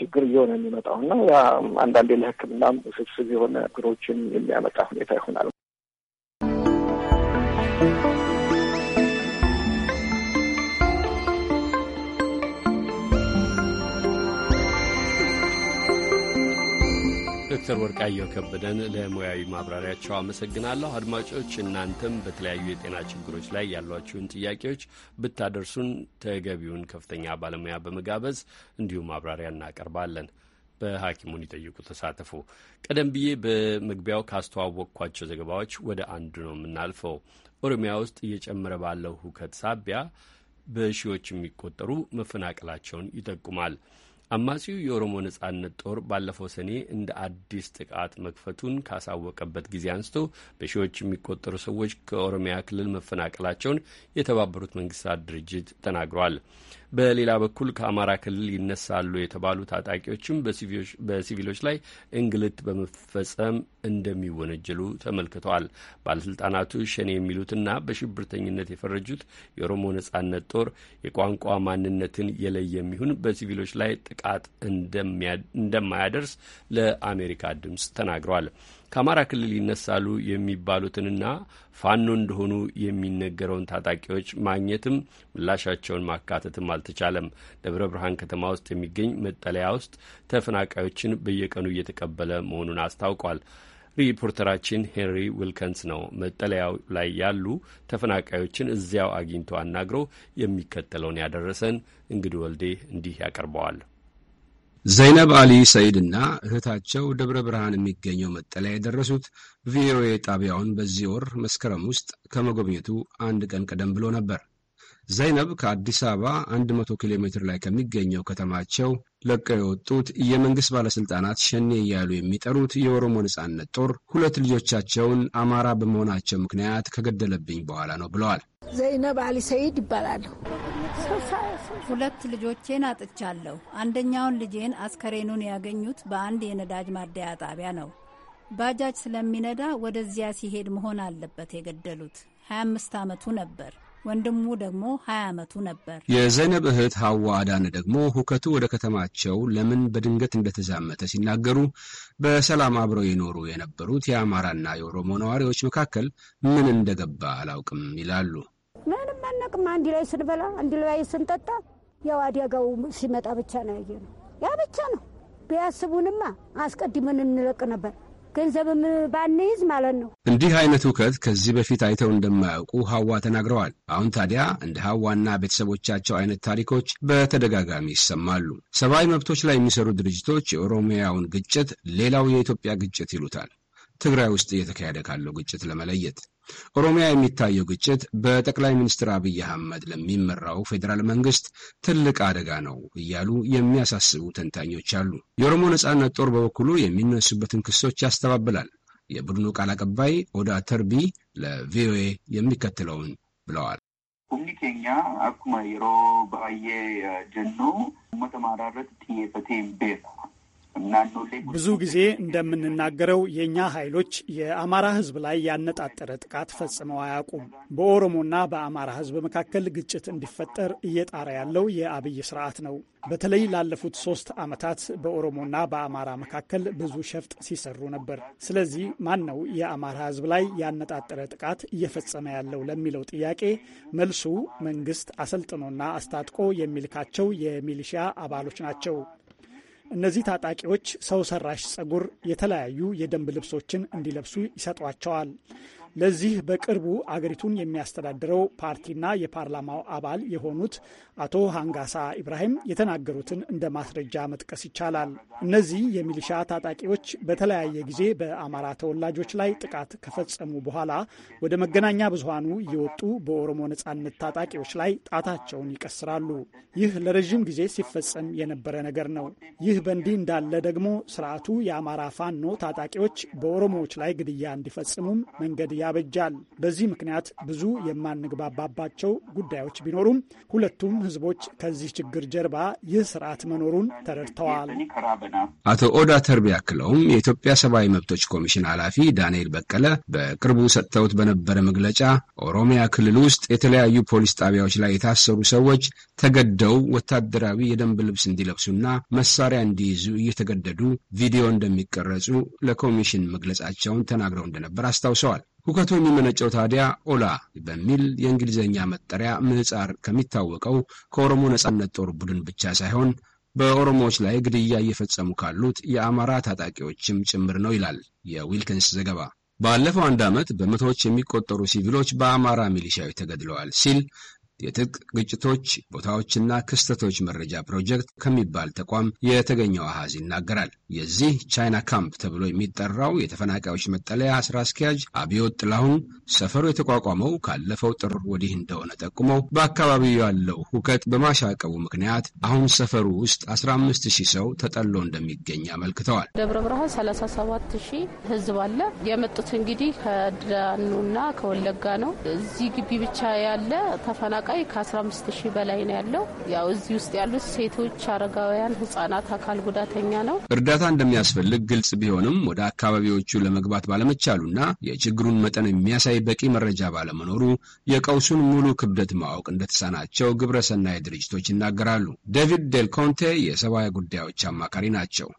ችግር እየሆነ የሚመጣው እና ያ አንዳንዴ ለሕክምናም ውስብስብ የሆነ ችግሮችን የሚያመጣ ሁኔታ ይሆናል። ዶክተር ወርቃየሁ ከበደን ለሙያዊ ማብራሪያቸው አመሰግናለሁ። አድማጮች እናንተም በተለያዩ የጤና ችግሮች ላይ ያሏችሁን ጥያቄዎች ብታደርሱን ተገቢውን ከፍተኛ ባለሙያ በመጋበዝ እንዲሁም ማብራሪያ እናቀርባለን። በሐኪሙን ይጠይቁ ተሳተፉ። ቀደም ብዬ በመግቢያው ካስተዋወቅኳቸው ዘገባዎች ወደ አንዱ ነው የምናልፈው። ኦሮሚያ ውስጥ እየጨመረ ባለው ሁከት ሳቢያ በሺዎች የሚቆጠሩ መፈናቀላቸውን ይጠቁማል። አማጺው የኦሮሞ ነጻነት ጦር ባለፈው ሰኔ እንደ አዲስ ጥቃት መክፈቱን ካሳወቀበት ጊዜ አንስቶ በሺዎች የሚቆጠሩ ሰዎች ከኦሮሚያ ክልል መፈናቀላቸውን የተባበሩት መንግስታት ድርጅት ተናግሯል። በሌላ በኩል ከአማራ ክልል ይነሳሉ የተባሉ ታጣቂዎችም በሲቪሎች ላይ እንግልት በመፈጸም እንደሚወነጀሉ ተመልክተዋል። ባለስልጣናቱ ሸኔ የሚሉትና በሽብርተኝነት የፈረጁት የኦሮሞ ነጻነት ጦር የቋንቋ ማንነትን የለየም ይሁን በሲቪሎች ላይ ጥቃት እንደማያደርስ ለአሜሪካ ድምፅ ተናግረዋል። ከአማራ ክልል ይነሳሉ የሚባሉትንና ፋኖ እንደሆኑ የሚነገረውን ታጣቂዎች ማግኘትም ምላሻቸውን ማካተትም አልተቻለም። ደብረ ብርሃን ከተማ ውስጥ የሚገኝ መጠለያ ውስጥ ተፈናቃዮችን በየቀኑ እየተቀበለ መሆኑን አስታውቋል። ሪፖርተራችን ሄንሪ ዊልከንስ ነው መጠለያው ላይ ያሉ ተፈናቃዮችን እዚያው አግኝቶ አናግሮ የሚከተለውን ያደረሰን። እንግዲህ ወልዴ እንዲህ ያቀርበዋል። ዘይነብ አሊ ሰይድ እና እህታቸው ደብረ ብርሃን የሚገኘው መጠለያ የደረሱት ቪኦኤ ጣቢያውን በዚህ ወር መስከረም ውስጥ ከመጎብኘቱ አንድ ቀን ቀደም ብሎ ነበር። ዘይነብ ከአዲስ አበባ 100 ኪሎ ሜትር ላይ ከሚገኘው ከተማቸው ለቀው የወጡት የመንግሥት ባለሥልጣናት ሸኔ እያሉ የሚጠሩት የኦሮሞ ነጻነት ጦር ሁለት ልጆቻቸውን አማራ በመሆናቸው ምክንያት ከገደለብኝ በኋላ ነው ብለዋል። ዘይነብ አሊ ሰይድ ይባላለሁ። ሁለት ልጆቼን አጥቻለሁ። አንደኛውን ልጄን አስከሬኑን ያገኙት በአንድ የነዳጅ ማደያ ጣቢያ ነው። ባጃጅ ስለሚነዳ ወደዚያ ሲሄድ መሆን አለበት የገደሉት። 25 ዓመቱ ነበር። ወንድሙ ደግሞ 20 ዓመቱ ነበር። የዘይነብ እህት ሀዋ አዳነ ደግሞ ሁከቱ ወደ ከተማቸው ለምን በድንገት እንደተዛመተ ሲናገሩ በሰላም አብረው የኖሩ የነበሩት የአማራና የኦሮሞ ነዋሪዎች መካከል ምን እንደገባ አላውቅም ይላሉ። ስንጾም አንድ ላይ ስንበላ አንድ ላይ ስንጠጣ ያው አደጋው ሲመጣ ብቻ ነው ያየ ነው። ያ ብቻ ነው። ቢያስቡንማ አስቀድመን እንለቅ ነበር። ገንዘብም ባንይዝ ማለት ነው። እንዲህ አይነት እውከት ከዚህ በፊት አይተው እንደማያውቁ ሀዋ ተናግረዋል። አሁን ታዲያ እንደ ሀዋና ቤተሰቦቻቸው አይነት ታሪኮች በተደጋጋሚ ይሰማሉ። ሰብአዊ መብቶች ላይ የሚሰሩ ድርጅቶች የኦሮሚያውን ግጭት ሌላው የኢትዮጵያ ግጭት ይሉታል። ትግራይ ውስጥ እየተካሄደ ካለው ግጭት ለመለየት ኦሮሚያ የሚታየው ግጭት በጠቅላይ ሚኒስትር አብይ አህመድ ለሚመራው ፌዴራል መንግስት ትልቅ አደጋ ነው እያሉ የሚያሳስቡ ተንታኞች አሉ። የኦሮሞ ነጻነት ጦር በበኩሉ የሚነሱበትን ክሶች ያስተባብላል። የቡድኑ ቃል አቀባይ ኦዳ ተርቢ ለቪኦኤ የሚከተለውን ብለዋል። ሁምኒ ኬኛ አኩማ የሮ ባየ ጀኖ መተማራረት ጥየፈቴን ቤታ ብዙ ጊዜ እንደምንናገረው የእኛ ኃይሎች የአማራ ሕዝብ ላይ ያነጣጠረ ጥቃት ፈጽመው አያውቁም። በኦሮሞና በአማራ ሕዝብ መካከል ግጭት እንዲፈጠር እየጣረ ያለው የአብይ ስርዓት ነው። በተለይ ላለፉት ሶስት ዓመታት በኦሮሞና በአማራ መካከል ብዙ ሸፍጥ ሲሰሩ ነበር። ስለዚህ ማን ነው የአማራ ሕዝብ ላይ ያነጣጠረ ጥቃት እየፈጸመ ያለው ለሚለው ጥያቄ መልሱ መንግስት አሰልጥኖና አስታጥቆ የሚልካቸው የሚሊሺያ አባሎች ናቸው። እነዚህ ታጣቂዎች ሰው ሰራሽ ጸጉር የተለያዩ የደንብ ልብሶችን እንዲለብሱ ይሰጧቸዋል። ለዚህ በቅርቡ አገሪቱን የሚያስተዳድረው ፓርቲና የፓርላማው አባል የሆኑት አቶ ሃንጋሳ ኢብራሂም የተናገሩትን እንደ ማስረጃ መጥቀስ ይቻላል። እነዚህ የሚሊሻ ታጣቂዎች በተለያየ ጊዜ በአማራ ተወላጆች ላይ ጥቃት ከፈጸሙ በኋላ ወደ መገናኛ ብዙሃኑ እየወጡ በኦሮሞ ነጻነት ታጣቂዎች ላይ ጣታቸውን ይቀስራሉ። ይህ ለረዥም ጊዜ ሲፈጸም የነበረ ነገር ነው። ይህ በእንዲህ እንዳለ ደግሞ ስርዓቱ የአማራ ፋኖ ታጣቂዎች በኦሮሞዎች ላይ ግድያ እንዲፈጽሙም መንገድ ያበጃል። በዚህ ምክንያት ብዙ የማንግባባባቸው ጉዳዮች ቢኖሩም ሁለቱም ህዝቦች ከዚህ ችግር ጀርባ ይህ ስርዓት መኖሩን ተረድተዋል። አቶ ኦዳ ተርቢ ያክለውም የኢትዮጵያ ሰብአዊ መብቶች ኮሚሽን ኃላፊ ዳንኤል በቀለ በቅርቡ ሰጥተውት በነበረ መግለጫ ኦሮሚያ ክልል ውስጥ የተለያዩ ፖሊስ ጣቢያዎች ላይ የታሰሩ ሰዎች ተገደው ወታደራዊ የደንብ ልብስ እንዲለብሱና መሳሪያ እንዲይዙ እየተገደዱ ቪዲዮ እንደሚቀረጹ ለኮሚሽን መግለጻቸውን ተናግረው እንደነበር አስታውሰዋል። ሁከቱ የሚመነጨው ታዲያ ኦላ በሚል የእንግሊዝኛ መጠሪያ ምህጻር ከሚታወቀው ከኦሮሞ ነጻነት ጦር ቡድን ብቻ ሳይሆን በኦሮሞዎች ላይ ግድያ እየፈጸሙ ካሉት የአማራ ታጣቂዎችም ጭምር ነው ይላል የዊልኪንስ ዘገባ። ባለፈው አንድ ዓመት በመቶዎች የሚቆጠሩ ሲቪሎች በአማራ ሚሊሻዎች ተገድለዋል ሲል የትጥቅ ግጭቶች ቦታዎችና ክስተቶች መረጃ ፕሮጀክት ከሚባል ተቋም የተገኘው አሃዝ ይናገራል። የዚህ ቻይና ካምፕ ተብሎ የሚጠራው የተፈናቃዮች መጠለያ ስራ አስኪያጅ አብዮት ጥላሁን ሰፈሩ የተቋቋመው ካለፈው ጥር ወዲህ እንደሆነ ጠቁመው በአካባቢው ያለው ሁከት በማሻቀቡ ምክንያት አሁን ሰፈሩ ውስጥ 15 ሺህ ሰው ተጠሎ እንደሚገኝ አመልክተዋል። ደብረ ብርሃን 37 ሺህ ህዝብ አለ። የመጡት እንግዲህ ከዳኑና ከወለጋ ነው። እዚህ ግቢ ብቻ ያለ ተፈናቃ ተፈናቃይ ከ15 ሺህ በላይ ነው ያለው። ያው እዚህ ውስጥ ያሉት ሴቶች፣ አረጋውያን፣ ህጻናት፣ አካል ጉዳተኛ ነው። እርዳታ እንደሚያስፈልግ ግልጽ ቢሆንም ወደ አካባቢዎቹ ለመግባት ባለመቻሉና የችግሩን መጠን የሚያሳይ በቂ መረጃ ባለመኖሩ የቀውሱን ሙሉ ክብደት ማወቅ እንደተሳናቸው ግብረሰናይ ድርጅቶች ይናገራሉ። ዴቪድ ዴልኮንቴ የሰብአዊ ጉዳዮች አማካሪ ናቸው። um,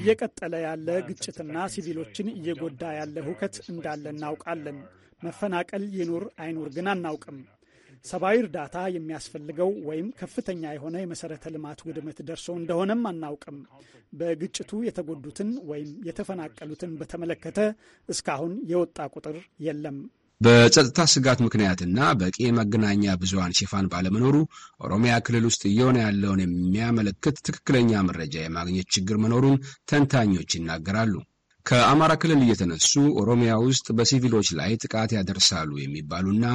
እየቀጠለ ያለ ግጭትና ሲቪሎችን እየጎዳ ያለ ሁከት እንዳለ እናውቃለን። መፈናቀል ይኑር አይኑር ግን አናውቅም። ሰብአዊ እርዳታ የሚያስፈልገው ወይም ከፍተኛ የሆነ የመሰረተ ልማት ውድመት ደርሶ እንደሆነም አናውቅም። በግጭቱ የተጎዱትን ወይም የተፈናቀሉትን በተመለከተ እስካሁን የወጣ ቁጥር የለም። በጸጥታ ስጋት ምክንያትና በቂ የመገናኛ ብዙሃን ሽፋን ባለመኖሩ ኦሮሚያ ክልል ውስጥ እየሆነ ያለውን የሚያመለክት ትክክለኛ መረጃ የማግኘት ችግር መኖሩን ተንታኞች ይናገራሉ። ከአማራ ክልል እየተነሱ ኦሮሚያ ውስጥ በሲቪሎች ላይ ጥቃት ያደርሳሉ የሚባሉና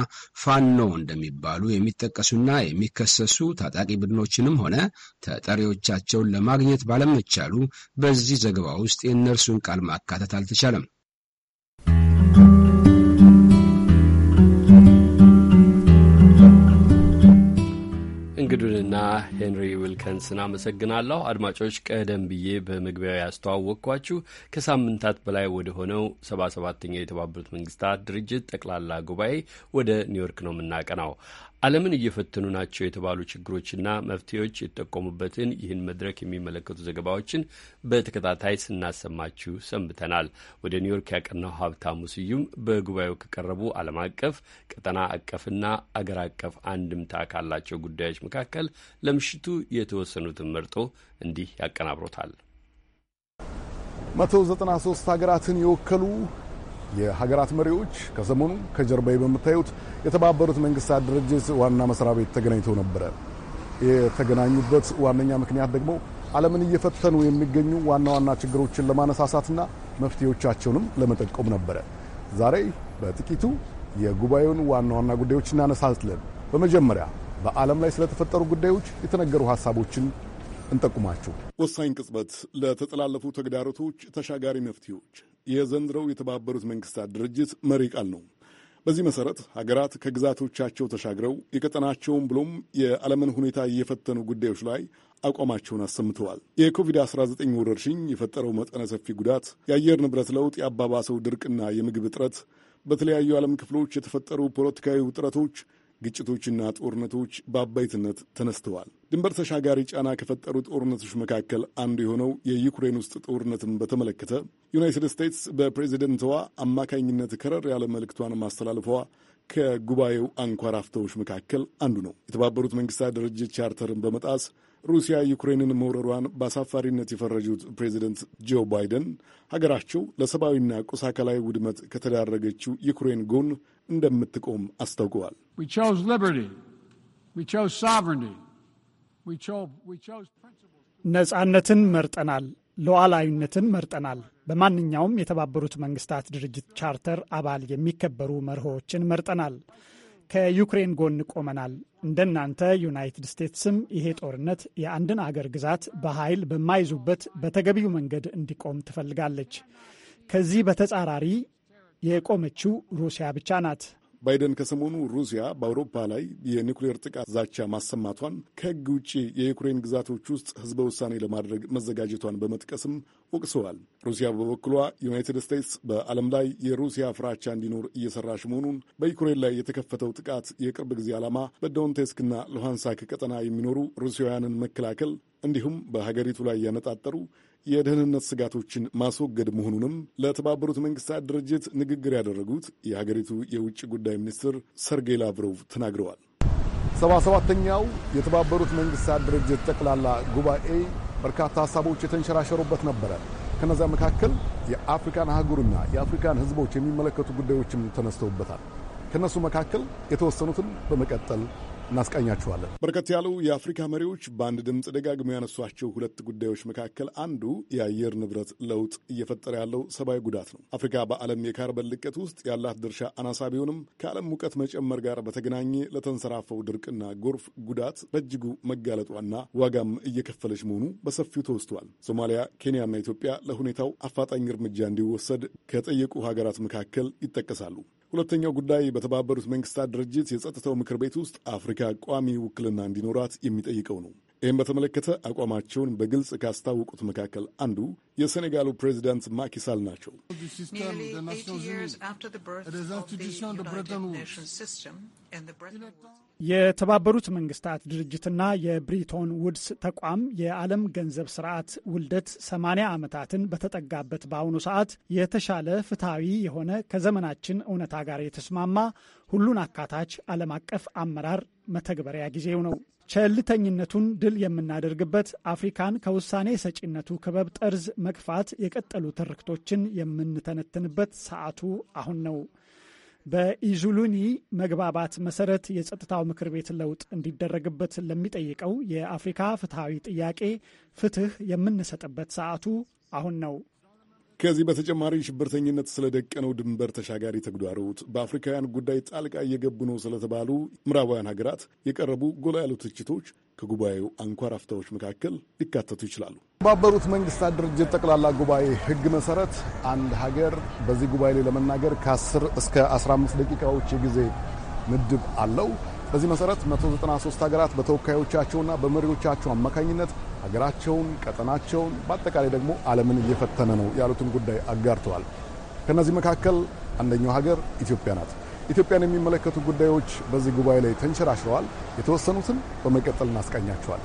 ፋኖ እንደሚባሉ የሚጠቀሱና የሚከሰሱ ታጣቂ ቡድኖችንም ሆነ ተጠሪዎቻቸውን ለማግኘት ባለመቻሉ በዚህ ዘገባ ውስጥ የእነርሱን ቃል ማካተት አልተቻለም። እንግዱንና ሄንሪ ዊልከንስን አመሰግናለሁ። አድማጮች፣ ቀደም ብዬ በመግቢያው ያስተዋወቅኳችሁ ከሳምንታት በላይ ወደ ሆነው ሰባ ሰባተኛው የተባበሩት መንግስታት ድርጅት ጠቅላላ ጉባኤ ወደ ኒውዮርክ ነው የምናቀናው። ዓለምን እየፈተኑ ናቸው የተባሉ ችግሮችና መፍትሄዎች የተጠቆሙበትን ይህን መድረክ የሚመለከቱ ዘገባዎችን በተከታታይ ስናሰማችሁ ሰንብተናል። ወደ ኒውዮርክ ያቀናው ሀብታሙ ስዩም በጉባኤው ከቀረቡ ዓለም አቀፍ ቀጠና አቀፍና አገር አቀፍ አንድምታ ካላቸው ጉዳዮች መካከል ለምሽቱ የተወሰኑትን መርጦ እንዲህ ያቀናብሮታል። መቶ ዘጠና ሶስት ሀገራትን የወከሉ የሀገራት መሪዎች ከሰሞኑ ከጀርባዬ በምታዩት የተባበሩት መንግስታት ድርጅት ዋና መስሪያ ቤት ተገናኝተው ነበረ። የተገናኙበት ዋነኛ ምክንያት ደግሞ ዓለምን እየፈተኑ የሚገኙ ዋና ዋና ችግሮችን ለማነሳሳትና መፍትሄዎቻቸውንም ለመጠቆም ነበረ። ዛሬ በጥቂቱ የጉባኤውን ዋና ዋና ጉዳዮች እናነሳለን። በመጀመሪያ በዓለም ላይ ስለተፈጠሩ ጉዳዮች የተነገሩ ሀሳቦችን እንጠቁማችሁ። ወሳኝ ቅጽበት፣ ለተጠላለፉ ተግዳሮቶች ተሻጋሪ መፍትሄዎች የዘንድረው የተባበሩት መንግስታት ድርጅት መሪ ቃል ነው። በዚህ መሰረት ሀገራት ከግዛቶቻቸው ተሻግረው የቀጠናቸውን ብሎም የዓለምን ሁኔታ እየፈተኑ ጉዳዮች ላይ አቋማቸውን አሰምተዋል። የኮቪድ-19 ወረርሽኝ የፈጠረው መጠነ ሰፊ ጉዳት፣ የአየር ንብረት ለውጥ ያባባሰው ድርቅና የምግብ እጥረት፣ በተለያዩ ዓለም ክፍሎች የተፈጠሩ ፖለቲካዊ ውጥረቶች ግጭቶችና ጦርነቶች በአባይትነት ተነስተዋል። ድንበር ተሻጋሪ ጫና ከፈጠሩ ጦርነቶች መካከል አንዱ የሆነው የዩክሬን ውስጥ ጦርነትን በተመለከተ ዩናይትድ ስቴትስ በፕሬዚደንትዋ አማካኝነት ከረር ያለ መልእክቷን ማስተላለፏ ከጉባኤው አንኳር አፍታዎች መካከል አንዱ ነው። የተባበሩት መንግስታት ድርጅት ቻርተርን በመጣስ ሩሲያ ዩክሬንን መውረሯን በአሳፋሪነት የፈረጁት ፕሬዚደንት ጆ ባይደን ሀገራቸው ለሰብአዊና ቁሳከላዊ ውድመት ከተዳረገችው ዩክሬን ጎን እንደምትቆም አስታውቀዋል። ነጻነትን መርጠናል፣ ሉዓላዊነትን መርጠናል። በማንኛውም የተባበሩት መንግስታት ድርጅት ቻርተር አባል የሚከበሩ መርሆዎችን መርጠናል። ከዩክሬን ጎን ቆመናል። እንደናንተ ዩናይትድ ስቴትስም ይሄ ጦርነት የአንድን አገር ግዛት በኃይል በማይዙበት በተገቢው መንገድ እንዲቆም ትፈልጋለች። ከዚህ በተጻራሪ የቆመችው ሩሲያ ብቻ ናት። ባይደን ከሰሞኑ ሩሲያ በአውሮፓ ላይ የኒኩሌር ጥቃት ዛቻ ማሰማቷን ከህግ ውጭ የዩክሬን ግዛቶች ውስጥ ህዝበ ውሳኔ ለማድረግ መዘጋጀቷን በመጥቀስም ወቅሰዋል። ሩሲያ በበኩሏ ዩናይትድ ስቴትስ በዓለም ላይ የሩሲያ ፍራቻ እንዲኖር እየሰራች መሆኑን፣ በዩክሬን ላይ የተከፈተው ጥቃት የቅርብ ጊዜ ዓላማ በዶንቴስክና ሉሃንሳክ ቀጠና የሚኖሩ ሩሲያውያንን መከላከል እንዲሁም በሀገሪቱ ላይ ያነጣጠሩ የደህንነት ስጋቶችን ማስወገድ መሆኑንም ለተባበሩት መንግስታት ድርጅት ንግግር ያደረጉት የሀገሪቱ የውጭ ጉዳይ ሚኒስትር ሰርጌይ ላቭሮቭ ተናግረዋል። ሰባ ሰባተኛው የተባበሩት መንግስታት ድርጅት ጠቅላላ ጉባኤ በርካታ ሀሳቦች የተንሸራሸሩበት ነበረ። ከነዚያ መካከል የአፍሪካን አህጉርና የአፍሪካን ህዝቦች የሚመለከቱ ጉዳዮችም ተነስተውበታል። ከእነሱ መካከል የተወሰኑትን በመቀጠል እናስቃኛችኋለን። በርከት ያሉ የአፍሪካ መሪዎች በአንድ ድምፅ ደጋግመው ያነሷቸው ሁለት ጉዳዮች መካከል አንዱ የአየር ንብረት ለውጥ እየፈጠረ ያለው ሰብአዊ ጉዳት ነው። አፍሪካ በዓለም የካርበን ልቀት ውስጥ ያላት ድርሻ አናሳ ቢሆንም ከዓለም ሙቀት መጨመር ጋር በተገናኘ ለተንሰራፈው ድርቅና ጎርፍ ጉዳት በእጅጉ መጋለጧና ዋጋም እየከፈለች መሆኑ በሰፊው ተወስቷል። ሶማሊያ፣ ኬንያና ኢትዮጵያ ለሁኔታው አፋጣኝ እርምጃ እንዲወሰድ ከጠየቁ ሀገራት መካከል ይጠቀሳሉ። ሁለተኛው ጉዳይ በተባበሩት መንግስታት ድርጅት የጸጥታው ምክር ቤት ውስጥ አፍሪካ ቋሚ ውክልና እንዲኖራት የሚጠይቀው ነው። ይህም በተመለከተ አቋማቸውን በግልጽ ካስታወቁት መካከል አንዱ የሴኔጋሉ ፕሬዚዳንት ማኪሳል ናቸው። የተባበሩት መንግስታት ድርጅትና የብሪቶን ውድስ ተቋም የዓለም ገንዘብ ስርዓት ውልደት 80 ዓመታትን በተጠጋበት በአሁኑ ሰዓት የተሻለ ፍትሐዊ የሆነ ከዘመናችን እውነታ ጋር የተስማማ ሁሉን አካታች ዓለም አቀፍ አመራር መተግበሪያ ጊዜው ነው። ቸልተኝነቱን ድል የምናደርግበት አፍሪካን ከውሳኔ ሰጪነቱ ክበብ ጠርዝ መግፋት የቀጠሉ ትርክቶችን የምንተነትንበት ሰዓቱ አሁን ነው። በኢዙሉኒ መግባባት መሰረት የጸጥታው ምክር ቤት ለውጥ እንዲደረግበት ለሚጠይቀው የአፍሪካ ፍትሐዊ ጥያቄ ፍትህ የምንሰጥበት ሰዓቱ አሁን ነው። ከዚህ በተጨማሪ ሽብርተኝነት ስለደቀነው ድንበር ተሻጋሪ ተግዳሮት፣ በአፍሪካውያን ጉዳይ ጣልቃ እየገቡ ነው ስለተባሉ ምዕራባውያን ሀገራት የቀረቡ ጎላ ያሉ ትችቶች ከጉባኤው አንኳር አፍታዎች መካከል ሊካተቱ ይችላሉ። የተባበሩት መንግስታት ድርጅት ጠቅላላ ጉባኤ ሕግ መሰረት አንድ ሀገር በዚህ ጉባኤ ላይ ለመናገር ከ10 እስከ 15 ደቂቃዎች የጊዜ ምድብ አለው። በዚህ መሰረት 193 ሀገራት በተወካዮቻቸውና በመሪዎቻቸው አማካኝነት ሀገራቸውን፣ ቀጠናቸውን በአጠቃላይ ደግሞ ዓለምን እየፈተነ ነው ያሉትን ጉዳይ አጋርተዋል። ከእነዚህ መካከል አንደኛው ሀገር ኢትዮጵያ ናት። ኢትዮጵያን የሚመለከቱ ጉዳዮች በዚህ ጉባኤ ላይ ተንሸራሽረዋል። የተወሰኑትን በመቀጠል እናስቃኛቸዋል።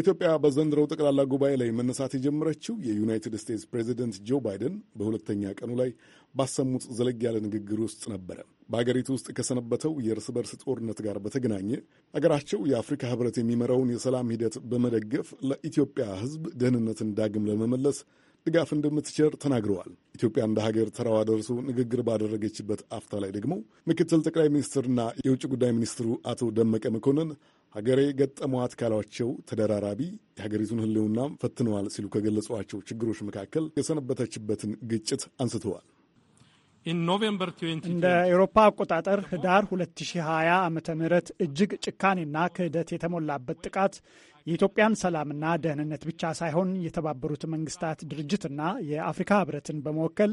ኢትዮጵያ በዘንድሮው ጠቅላላ ጉባኤ ላይ መነሳት የጀመረችው የዩናይትድ ስቴትስ ፕሬዚደንት ጆ ባይደን በሁለተኛ ቀኑ ላይ ባሰሙት ዘለግ ያለ ንግግር ውስጥ ነበረ። በአገሪቱ ውስጥ ከሰነበተው የእርስ በርስ ጦርነት ጋር በተገናኘ አገራቸው የአፍሪካ ሕብረት የሚመራውን የሰላም ሂደት በመደገፍ ለኢትዮጵያ ሕዝብ ደህንነትን ዳግም ለመመለስ ድጋፍ እንደምትቸር ተናግረዋል። ኢትዮጵያ እንደ ሀገር ተራዋ ደርሶ ንግግር ባደረገችበት አፍታ ላይ ደግሞ ምክትል ጠቅላይ ሚኒስትርና የውጭ ጉዳይ ሚኒስትሩ አቶ ደመቀ መኮንን ሀገሬ ገጠሟት ካሏቸው ተደራራቢ የሀገሪቱን ሕልውናም ፈትነዋል ሲሉ ከገለጿቸው ችግሮች መካከል የሰነበተችበትን ግጭት አንስተዋል። እንደ ኤሮፓ አቆጣጠር ህዳር 2020 ዓ ም እጅግ ጭካኔና ክህደት የተሞላበት ጥቃት የኢትዮጵያን ሰላምና ደህንነት ብቻ ሳይሆን የተባበሩት መንግስታት ድርጅትና የአፍሪካ ህብረትን በመወከል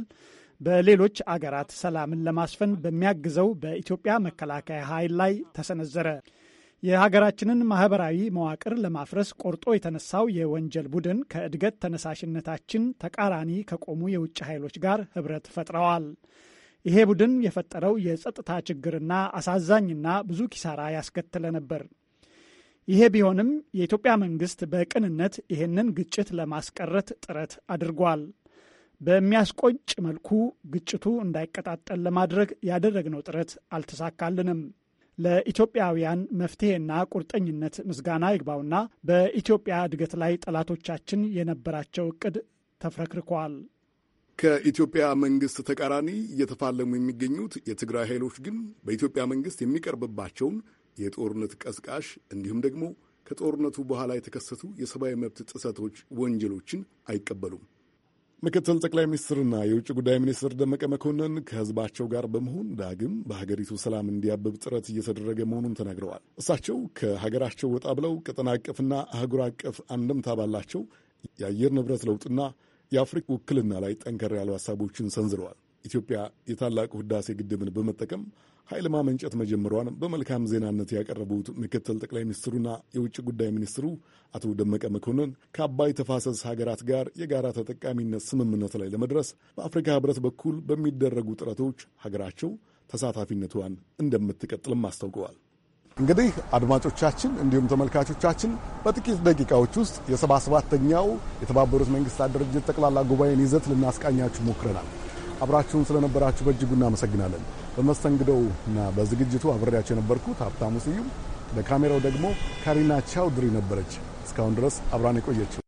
በሌሎች አገራት ሰላምን ለማስፈን በሚያግዘው በኢትዮጵያ መከላከያ ኃይል ላይ ተሰነዘረ። የሀገራችንን ማህበራዊ መዋቅር ለማፍረስ ቆርጦ የተነሳው የወንጀል ቡድን ከእድገት ተነሳሽነታችን ተቃራኒ ከቆሙ የውጭ ኃይሎች ጋር ህብረት ፈጥረዋል። ይሄ ቡድን የፈጠረው የጸጥታ ችግርና አሳዛኝና ብዙ ኪሳራ ያስከተለ ነበር። ይሄ ቢሆንም የኢትዮጵያ መንግስት በቅንነት ይህንን ግጭት ለማስቀረት ጥረት አድርጓል። በሚያስቆጭ መልኩ ግጭቱ እንዳይቀጣጠል ለማድረግ ያደረግነው ጥረት አልተሳካልንም። ለኢትዮጵያውያን መፍትሄና ቁርጠኝነት ምስጋና ይግባውና በኢትዮጵያ እድገት ላይ ጠላቶቻችን የነበራቸው እቅድ ተፍረክርከዋል። ከኢትዮጵያ መንግስት ተቃራኒ እየተፋለሙ የሚገኙት የትግራይ ኃይሎች ግን በኢትዮጵያ መንግስት የሚቀርብባቸውን የጦርነት ቀስቃሽ እንዲሁም ደግሞ ከጦርነቱ በኋላ የተከሰቱ የሰብአዊ መብት ጥሰቶች ወንጀሎችን አይቀበሉም። ምክትል ጠቅላይ ሚኒስትርና የውጭ ጉዳይ ሚኒስትር ደመቀ መኮንን ከህዝባቸው ጋር በመሆን ዳግም በሀገሪቱ ሰላም እንዲያብብ ጥረት እየተደረገ መሆኑን ተናግረዋል። እሳቸው ከሀገራቸው ወጣ ብለው ቀጠና አቀፍና አህጉር አቀፍ አንድምታ ባላቸው የአየር ንብረት ለውጥና የአፍሪካ ውክልና ላይ ጠንከር ያሉ ሀሳቦችን ሰንዝረዋል። ኢትዮጵያ የታላቁ ህዳሴ ግድብን በመጠቀም ኃይል ማመንጨት መጀመሯን በመልካም ዜናነት ያቀረቡት ምክትል ጠቅላይ ሚኒስትሩና የውጭ ጉዳይ ሚኒስትሩ አቶ ደመቀ መኮንን ከአባይ ተፋሰስ ሀገራት ጋር የጋራ ተጠቃሚነት ስምምነት ላይ ለመድረስ በአፍሪካ ሕብረት በኩል በሚደረጉ ጥረቶች ሀገራቸው ተሳታፊነቷን እንደምትቀጥልም አስታውቀዋል። እንግዲህ አድማጮቻችን እንዲሁም ተመልካቾቻችን በጥቂት ደቂቃዎች ውስጥ የሰባ ሰባተኛው የተባበሩት መንግስታት ድርጅት ጠቅላላ ጉባኤን ይዘት ልናስቃኛችሁ ሞክረናል። አብራችሁን ስለነበራችሁ በእጅጉ እናመሰግናለን። እና በዝግጅቱ አብሬያቸው የነበርኩት ሀብታሙ ስዩም፣ በካሜራው ደግሞ ካሪና ቻውድሪ ነበረች። እስካሁን ድረስ አብራን የቆየችው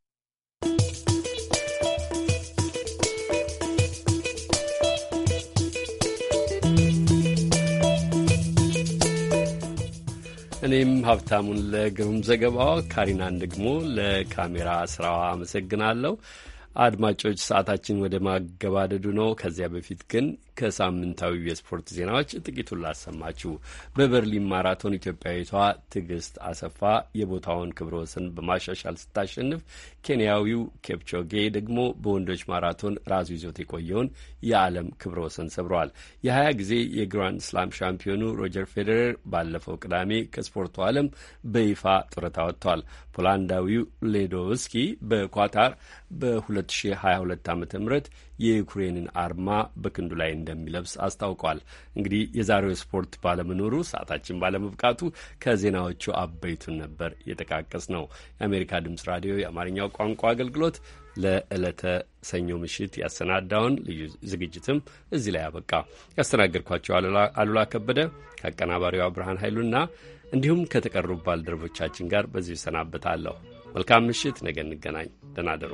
እኔም ሀብታሙን ለግሩም ዘገባዋ፣ ካሪናን ደግሞ ለካሜራ ስራዋ አመሰግናለሁ። አድማጮች፣ ሰዓታችን ወደ ማገባደዱ ነው። ከዚያ በፊት ግን ከሳምንታዊ የስፖርት ዜናዎች ጥቂቱን ላሰማችሁ። በበርሊን ማራቶን ኢትዮጵያዊቷ ትዕግስት አሰፋ የቦታውን ክብረ ወሰን በማሻሻል ስታሸንፍ፣ ኬንያዊው ኬፕቾጌ ደግሞ በወንዶች ማራቶን ራሱ ይዞት የቆየውን የዓለም ክብረ ወሰን ሰብረዋል። የሀያ ጊዜ የግራንድ ስላም ሻምፒዮኑ ሮጀር ፌዴረር ባለፈው ቅዳሜ ከስፖርቱ ዓለም በይፋ ጡረታ ወጥቷል። ፖላንዳዊው ሌዶውስኪ በኳታር በ2022 ዓ ም የዩክሬንን አርማ በክንዱ ላይ እንደሚለብስ አስታውቋል። እንግዲህ የዛሬው ስፖርት ባለመኖሩ ሰዓታችን ባለመብቃቱ ከዜናዎቹ አበይቱን ነበር የጠቃቀስ ነው። የአሜሪካ ድምጽ ራዲዮ የአማርኛው ቋንቋ አገልግሎት ለዕለተ ሰኞ ምሽት ያሰናዳውን ልዩ ዝግጅትም እዚህ ላይ አበቃ። ያስተናገድኳቸው አሉላ ከበደ ከአቀናባሪዋ ብርሃን ኃይሉና እንዲሁም ከተቀሩ ባልደረቦቻችን ጋር በዚሁ ይሰናበታለሁ። መልካም ምሽት፣ ነገ እንገናኝ። ደህና ደሩ።